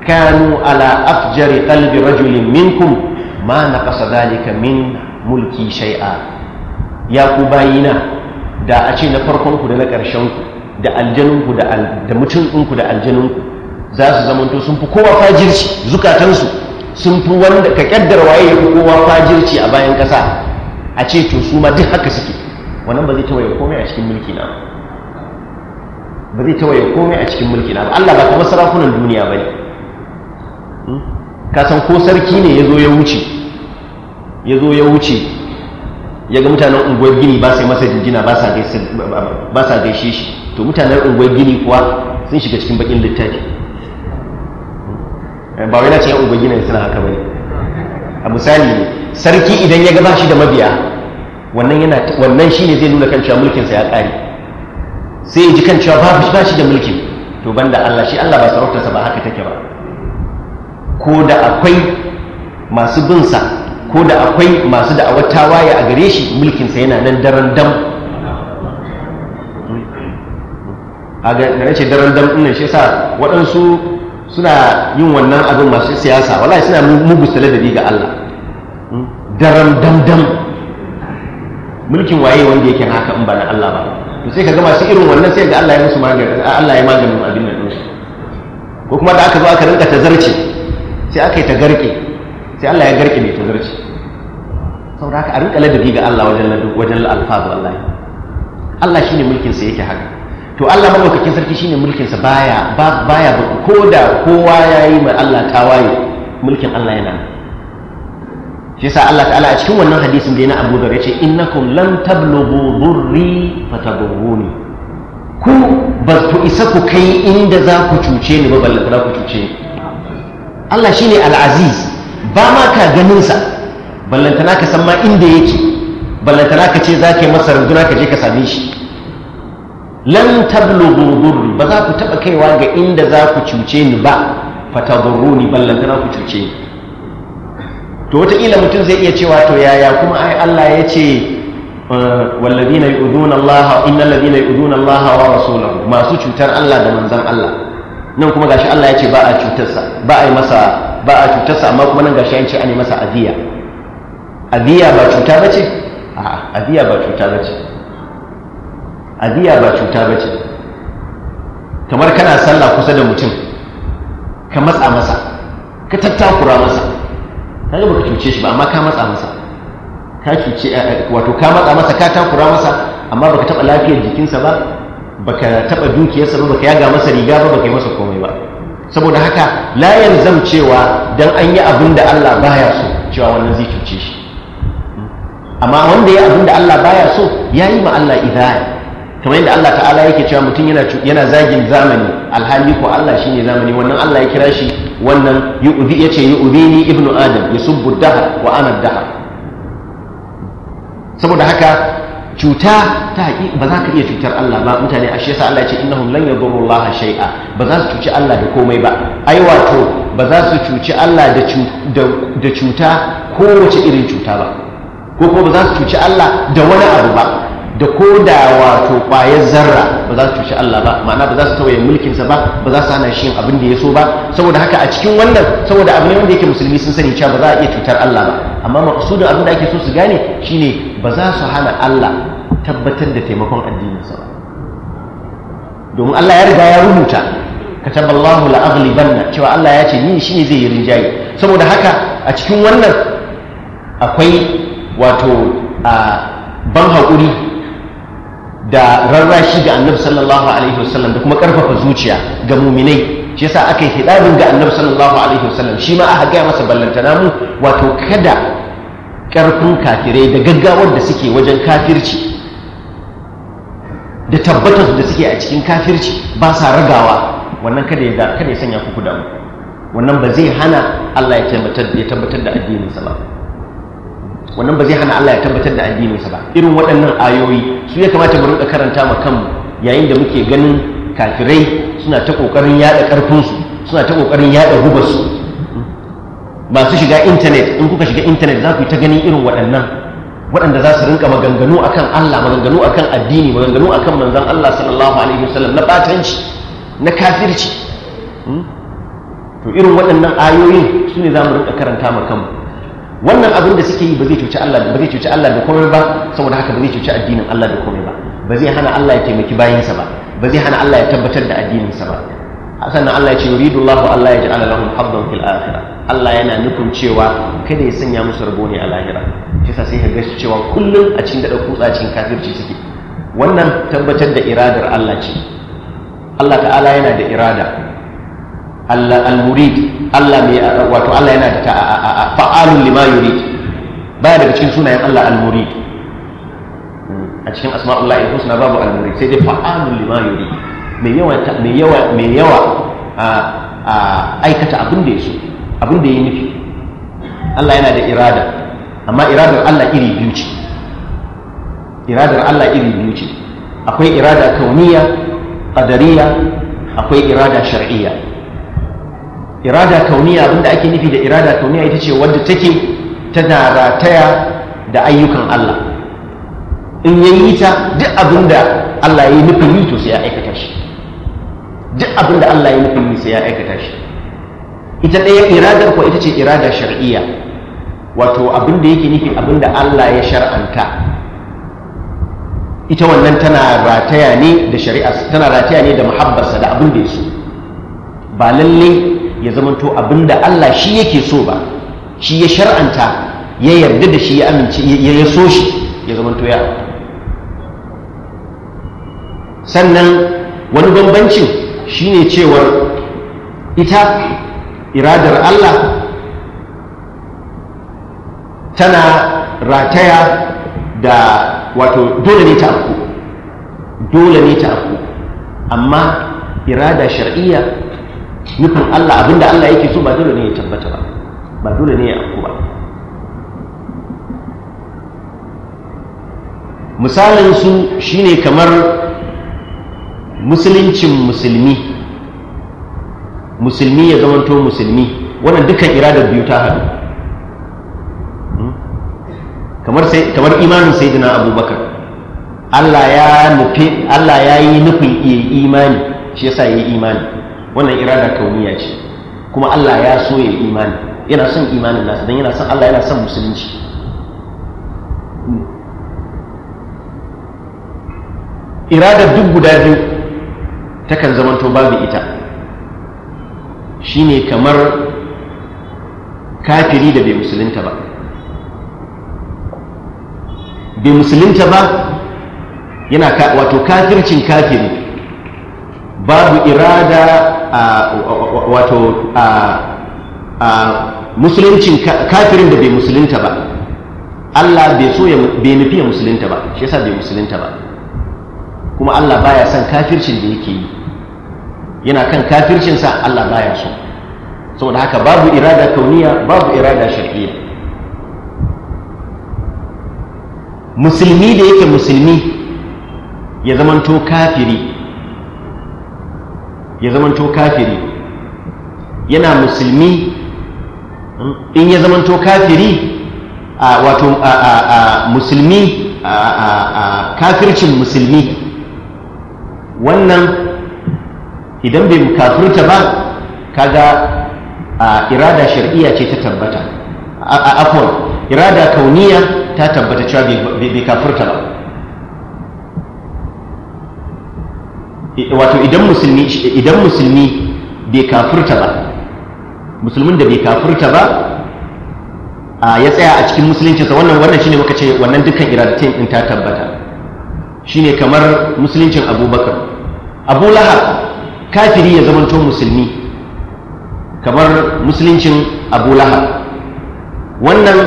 kanu ala afjari qalbi rajulin minkum ma naqasa dhalika min mulki shay'a ya ku bayina da a ce na farkon ku da na ƙarshen ku da aljanun ku da da mutum ɗin ku da aljanun ku za su zamanto sun fi kowa fajirci zukatansu sun fi wanda ka ƙaddara waye ya fi kowa fajirci a bayan ƙasa a ce to su ma duk haka suke wannan ba zai tawaye komai a cikin mulki na ba zai tawaye komai a cikin mulki na ba Allah ba kamar sarakunan duniya ba ne hmm? ka san ko sarki ne ya zo ya wuce ya zo ya wuce ya ga mutanen unguwar gini ba sai masa jinjina ba sa gaishe shi to mutanen unguwar gini kuwa sun shiga cikin bakin littafi eh, ba wai na ce unguwar gini suna haka bane a misali sarki idan ya ga ba shi da mabiya wannan yana wannan shine zai nuna kan cewa mulkin sa ya kare sai ya ji kan cewa ba shi da mulkin to banda Allah shi Allah ba sarautarsa ba haka take ba ko da akwai masu bin sa ko da akwai masu da'awar tawaye a gare shi mulkinsa yana nan daren dam a gare ce daren dam ɗin shi sa waɗansu suna yin wannan abin masu siyasa wallahi suna mugu saladabi ga Allah daren dam dam mulkin waye wanda yake haka in ba na Allah ba to sai ka ga masu irin wannan sai ga Allah ya musu magani Allah ya maganin abin nan ko kuma da aka zo aka rinka tazarce sai aka yi ta garke sai Allah ya garke mai tazarci saboda haka a rinka ladabi ga Allah wajen wajen alfazu Allah Allah shine mulkin sa yake haka to Allah madaukakin sarki shine mulkin sa baya baya ko da kowa yayi ma Allah tawaye mulkin Allah yana shi yasa Allah ta'ala a cikin wannan hadisin da na Abu Dharr yace innakum lan tablughu durri fatadurruni ku ba ku isa ku kai inda za ku cuce ni ba balle ku cuce ni Allah shine al-aziz ba ma ka ganinsa ballantana ka san ma inda yake ballantana ka ce za ka yi masa runduna ka je ka same shi lan tablughu durri ba za ku taɓa kaiwa ga inda za ku cuce ni ba fatadurruni ballantana ku cuce ni to wataƙila mutum zai iya cewa to yaya kuma ai Allah ya ce ah, wallazina yu'dhuna Allah innal ladina yu'dhuna Allah wa rasulahu masu cutar Allah da manzon Allah nan kuma gashi Allah ya ce ba a cutarsa ba a yi masa ba a cutarsa amma kuma nan gashi an ce an yi masa aziya aziya ba cuta ba ce a'a aziya ba cuta ba ce aziya ba cuta ba ce kamar kana sallah kusa da mutum ka matsa masa ka tattakura masa ka ga baka cuce shi ba amma ka matsa masa ka cuce eh, eh, wato ka matsa masa ka takura masa amma baka taba lafiyar jikinsa ba baka taba dukiyarsa ba baka yaga masa riga ba baka yi masa komai ba saboda haka la yanzam cewa dan an yi abin Allah baya so cewa wannan zai cuce shi amma wanda ya abin da Allah baya so yayi yi ma Allah idaya kamar yadda Allah ta'ala yake cewa mutum yana yana zagin zamani alhali ko Allah shine zamani wannan Allah ya kira shi wannan yu'udhi yace yu'udhini ibnu adam yasubbu dahar wa ana dahar saboda haka cuta ta haƙi ba za ka iya cutar Allah ba mutane a shi yasa Allah ce innahum lan Allah shay'a ba za su cuci Allah da komai ba ai wato ba za su cuci Allah da cuta ko wace irin cuta ba ko ko ba za su cuci Allah da wani abu ba da ko da wato ƙwayar zarra ba za su cuci Allah ba ma'ana ba za su tawaye mulkinsa ba ba za su hana shi yin abin da ya so ba saboda haka a cikin wannan saboda abin da yake musulmi sun sani cewa ba za a iya cutar Allah ba amma maqsudin abin da ake so su gane shi ne. ba za su hana Allah tabbatar da taimakon addinin addininsa ba domin Allah ya riga ya rubuta kataballahu la aghlibanna cewa Allah ya ce ni shine zai yi rinjaye saboda haka a cikin wannan akwai wato ban haƙuri da rarrashi ga annabi sallallahu alaihi wasallam da kuma ƙarfafa zuciya ga muminai shi yasa aka yi hidabin ga annabi sallallahu alaihi wasallam shi ma aka ga masa ballantana mu wato kada ƙarfin kafirai da gaggawar da suke wajen kafirci da tabbatar da suke a cikin kafirci ba sa ragawa wannan kada ya kada ya sanya ku damu wannan ba zai hana Allah ya tabbatar ya tabbatar da addininsa ba wannan ba zai hana Allah ya tabbatar da sa ba irin waɗannan ayoyi su ya kamata mu rinka karanta ma kanmu yayin da muke ganin kafirai suna ta ƙoƙarin yaɗa ƙarfinsu suna ta ƙoƙarin yaɗa rubarsu masu shiga intanet in kuka shiga intanet za ku yi ta gani irin waɗannan waɗanda za su rinka maganganu a kan Allah maganganu a kan addini maganganu a kan manzan Allah sallallahu alaihi wasallam na ɓatanci, na kafirci hmm? to irin waɗannan ayoyin su ne za mu rinka karanta ma kanmu wannan abin da suke yi ba zai cuci Allah ba zai cuci Allah da komai ba saboda haka ba zai cuci addinin Allah da komai ba ba zai hana Allah ya taimaki bayansa ba ba zai hana Allah ya tabbatar da addininsa ba sannan Allah ya ce yuridu Allahu Allah ya ja'ala lahum habban fil akhirah Allah yana nufin cewa kada ya sanya musu rabo ne a lahira shi sai ka ga cewa kullum a cikin dada kutsa cikin kafirci suke wannan tabbatar da iradar Allah ce Allah ta'ala yana da irada Allah al-murid Allah mai wato Allah yana da fa'alun lima yurid baya daga cikin sunayen Allah al-murid hmm, a cikin asma'ullahi husna babu al-murid sai dai fa'alun lima yurid mai yawa mai yawa a aikata abin da ya so abin da ya nufi Allah yana da irada amma iradar Allah iri biyu ce iradar Allah iri biyu ce akwai irada kauniya qadariya akwai irada shar'iyya irada kauniya abinda ake nufi da irada kauniya ita ce wadda take tana rataya da ayyukan Allah in yayi ta duk abinda Allah ya yi nufin yi to sai ya aikata shi duk abin da Allah ya nufi yi ya aikata shi ita ɗaya iradar ko ita ce irada shar'iyya wato abin da yake nufi abin da Allah ya shar'anta ita wannan tana rataya ne da shari'a tana rataya ne da muhabbarsa da abin da ya so ba lalle ya zamanto abin da Allah shi yake so ba shi ya shar'anta ya yarda da shi ya amince ya so shi ya zamanto ya sannan wani bambancin shine cewar ita iradar Allah tana rataya da wato dole ne ta afku dole ne ta afku amma irada shar'iyya nufin Allah abinda Allah yake so ba dole ne ya tabbata ba ba dole ne ya afku ba misalin su shine kamar musuluncin musulmi musulmi ya zamanto musulmi wannan dukkan iradar biyu ta haɗu hmm? kamar imanin sayyidina abubakar allah ya nufi allah ya yi nufin imani shi yasa ya yi imani wannan irada kauniya ce kuma allah ya so ya imani yana son imanin nasa don yana son allah yana son musulunci hmm. iradar duk guda biyu takan zamanto babu ita shine kamar kafiri da bai musulunta ba bai musulunta ba yana wato kafircin kafiri babu irada wato musuluncin kafirin da bai musulunta ba Allah bai so ya bai nufi ya musulunta ba shi yasa bai musulunta ba kuma Allah baya son kafircin da yake yi yana kan kafircinsa Allah baya so saboda haka babu irada kauniya babu irada shar'iyya musulmi da yake musulmi ya zamanto kafiri ya zamanto kafiri yana musulmi in ya zamanto kafiri a wato a musulmi a kafircin musulmi wannan idan bai kafirta ba kaga a irada shar'iyya ce ta tabbata a afon irada kauniya ta tabbata cewa bai kafirta ba wato idan musulmi idan musulmi bai kafirta ba musulmin da bai kafirta ba ya tsaya a cikin musuluncinsa wannan wannan shine muka ce wannan dukkan iradatin din ta tabbata shine kamar musuluncin abubakar abu lahab kafiri ya zamanto musulmi kamar musuluncin abu lahab wannan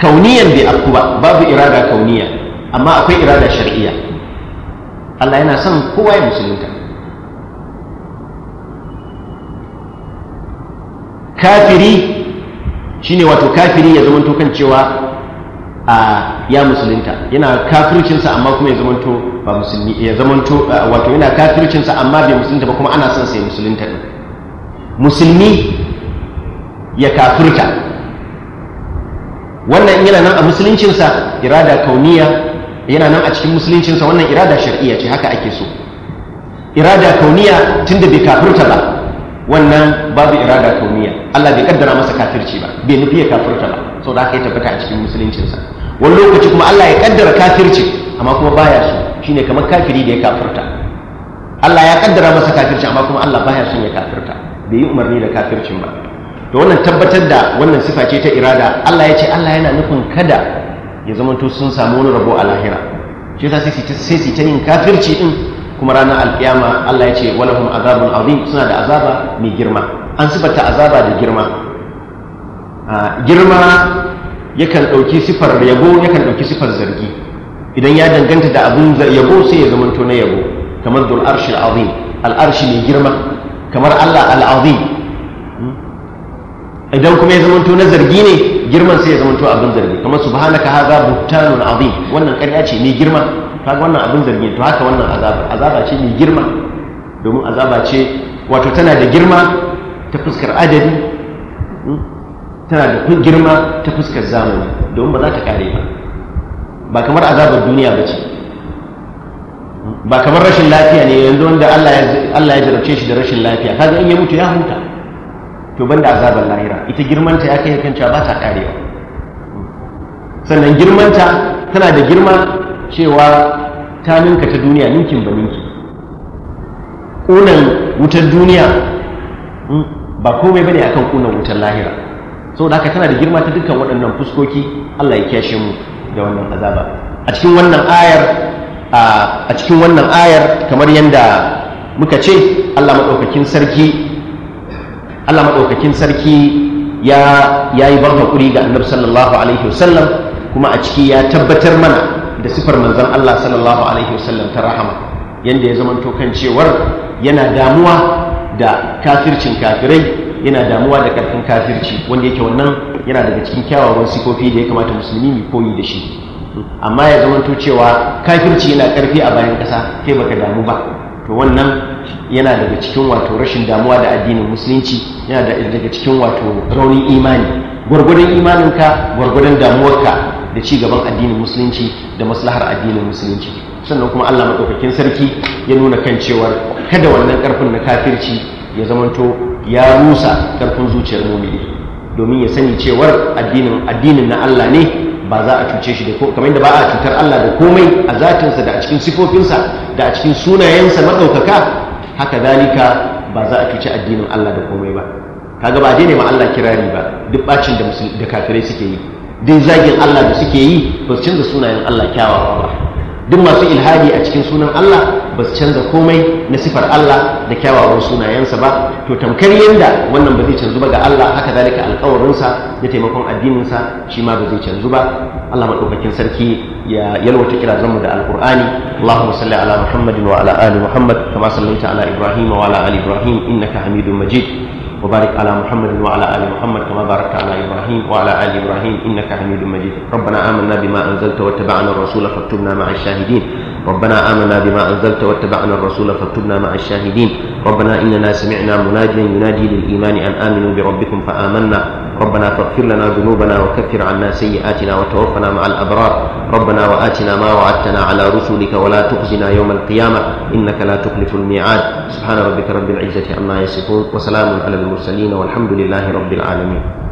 kauniyan bai afku ba babu irada kauniya amma akwai irada shar'iyya Allah yana son kowa ya musulunta kafiri shine wato kafiri ya zamanto kan cewa a ya musulunta yana kafircinsa amma kuma ya zamanto ba musulmi ya zamanto wato yana kafircinsa amma bai musulunta ba kuma ana son sai musulunta ɗin musulmi ya kafirta wannan yana nan a musuluncinsa irada kauniya yana nan a cikin musuluncinsa wannan irada shari'a ce haka ake so irada kauniya tunda bai kafirta ba wannan babu irada kauniya Allah bai kaddara masa kafirci ba bai nufi ya kafirta ba saboda haka ya tabbata a cikin musuluncinsa wani lokaci kuma Allah ya kaddara kafirci amma kuma baya so shine kamar kafiri da ya kafirta Allah ya kaddara masa kafirci amma kuma Allah baya son ya kafirta bai yi umarni da kafircin ba Da wannan tabbatar da wannan sifa ce ta irada Allah ya ce Allah yana nufin kada ya zamanto sun samu wani rabo a lahira shi yasa sai su ta yin kafirci din kuma ranar alkiyama Allah ya ce walahum azabun azim suna da azaba mai girma an sifata azaba da girma ah, girma yakan ɗauki sifar yabo yakan ɗauki sifar zargi idan ya danganta da abin yabo sai ya zamanto na yabo kamar dul arshi al'azim al'arshi ne girma kamar Allah al'azim hmm? idan kuma ya zamanto na zargi ne girman sai ya zamanto abin zargi kamar subhanaka hadha buhtanun azim wannan ƙarya ce mai girma kaga wannan abin zargi to haka wannan azaba azaba ce mai girma domin azaba ce wato tana da girma ta fuskar adadi hmm? tana da girma ta fuskar zamani domin ba za ta kare ba ba kamar azabar duniya ba ce ba kamar rashin lafiya ne yanzu wanda Allah ya jarabce shi da rashin lafiya kaga in ya mutu ya huta to banda azabar lahira ita girmanta ya kai kan ba ta karewa sannan girmanta tana da girma cewa ta ninka ta duniya ninkin ba ninki ƙunan wutar duniya hmm, ba komai bane akan ƙunan wutar lahira saboda haka tana da girma ta dukkan waɗannan fuskoki Allah ya kyashe mu da wannan azaba a cikin wannan ayar a cikin wannan ayar kamar yadda muka ce Allah madaukakin sarki Allah madaukakin sarki ya yi ban kuri ga annabi sallallahu alaihi wasallam kuma a ciki ya tabbatar mana da sifar manzon Allah sallallahu alaihi wasallam ta rahama yanda ya zamanto kan cewar yana damuwa da kafircin kafirai yana damuwa da karfin kafirci wanda yake wannan yana daga cikin kyawawan sifofi da ya kamata musulmi mai koyi da shi amma ya zamanto cewa kafirci yana karfi a bayan ƙasa kai baka damu ba to wannan yana daga cikin wato rashin damuwa da addinin musulunci yana daga cikin wato raunin imani gwargwadon imaninka gwargwadon damuwarka da ci gaban addinin musulunci da maslahar addinin musulunci sannan kuma allah maɗaukakin sarki ya nuna kan cewar kada wannan ƙarfin na kafirci ya zamanto ya rusa ƙarfin zuciyar mumini domin ya sani cewar addinin addinin na Allah ne ba za a cuce shi da ko kamar yadda ba a cutar Allah da komai a zatinsa da a cikin sifofinsa da a cikin sunayensa madaukaka haka zalika ba za a cuce addinin Allah da komai ba kaga ba daina ma Allah kirari ba duk bacin da da kafirai suke yi duk zagin Allah da suke yi ba su canza sunayen Allah kyawawa ba duk masu ilhadi a cikin sunan Allah ba su canza komai na sifar Allah da kyawawan sunayensa ba to tamkar yanda wannan ba zai canzu ba ga Allah haka zalika alƙawarinsa da taimakon addininsa shi ma ba zai canzu ba Allah maɗaukakin sarki ya yalwata kira zamu da alƙur'ani Allahumma salli ala Muhammadin wa ala ali Muhammad kama sallanta ala Ibrahim wa ala ali Ibrahim innaka hamidu Majid وبارك على محمد وعلى آل محمد كما باركت على إبراهيم وعلى آل إبراهيم إنك حميد مجيد ربنا آمنا بما أنزلت واتبعنا الرسول فاكتبنا مع الشاهدين ربنا آمنا بما أنزلت واتبعنا الرسول فاكتبنا مع الشاهدين ربنا إننا سمعنا مناديا ينادي للإيمان أن آمنوا بربكم فآمنا ربنا فاغفر لنا ذنوبنا وكفر عنا سيئاتنا وتوفنا مع الأبرار ربنا وآتنا ما وعدتنا على رسلك ولا تخزنا يوم القيامة إنك لا تخلف الميعاد سبحان ربك رب العزة عما يصفون وسلام على المرسلين والحمد لله رب العالمين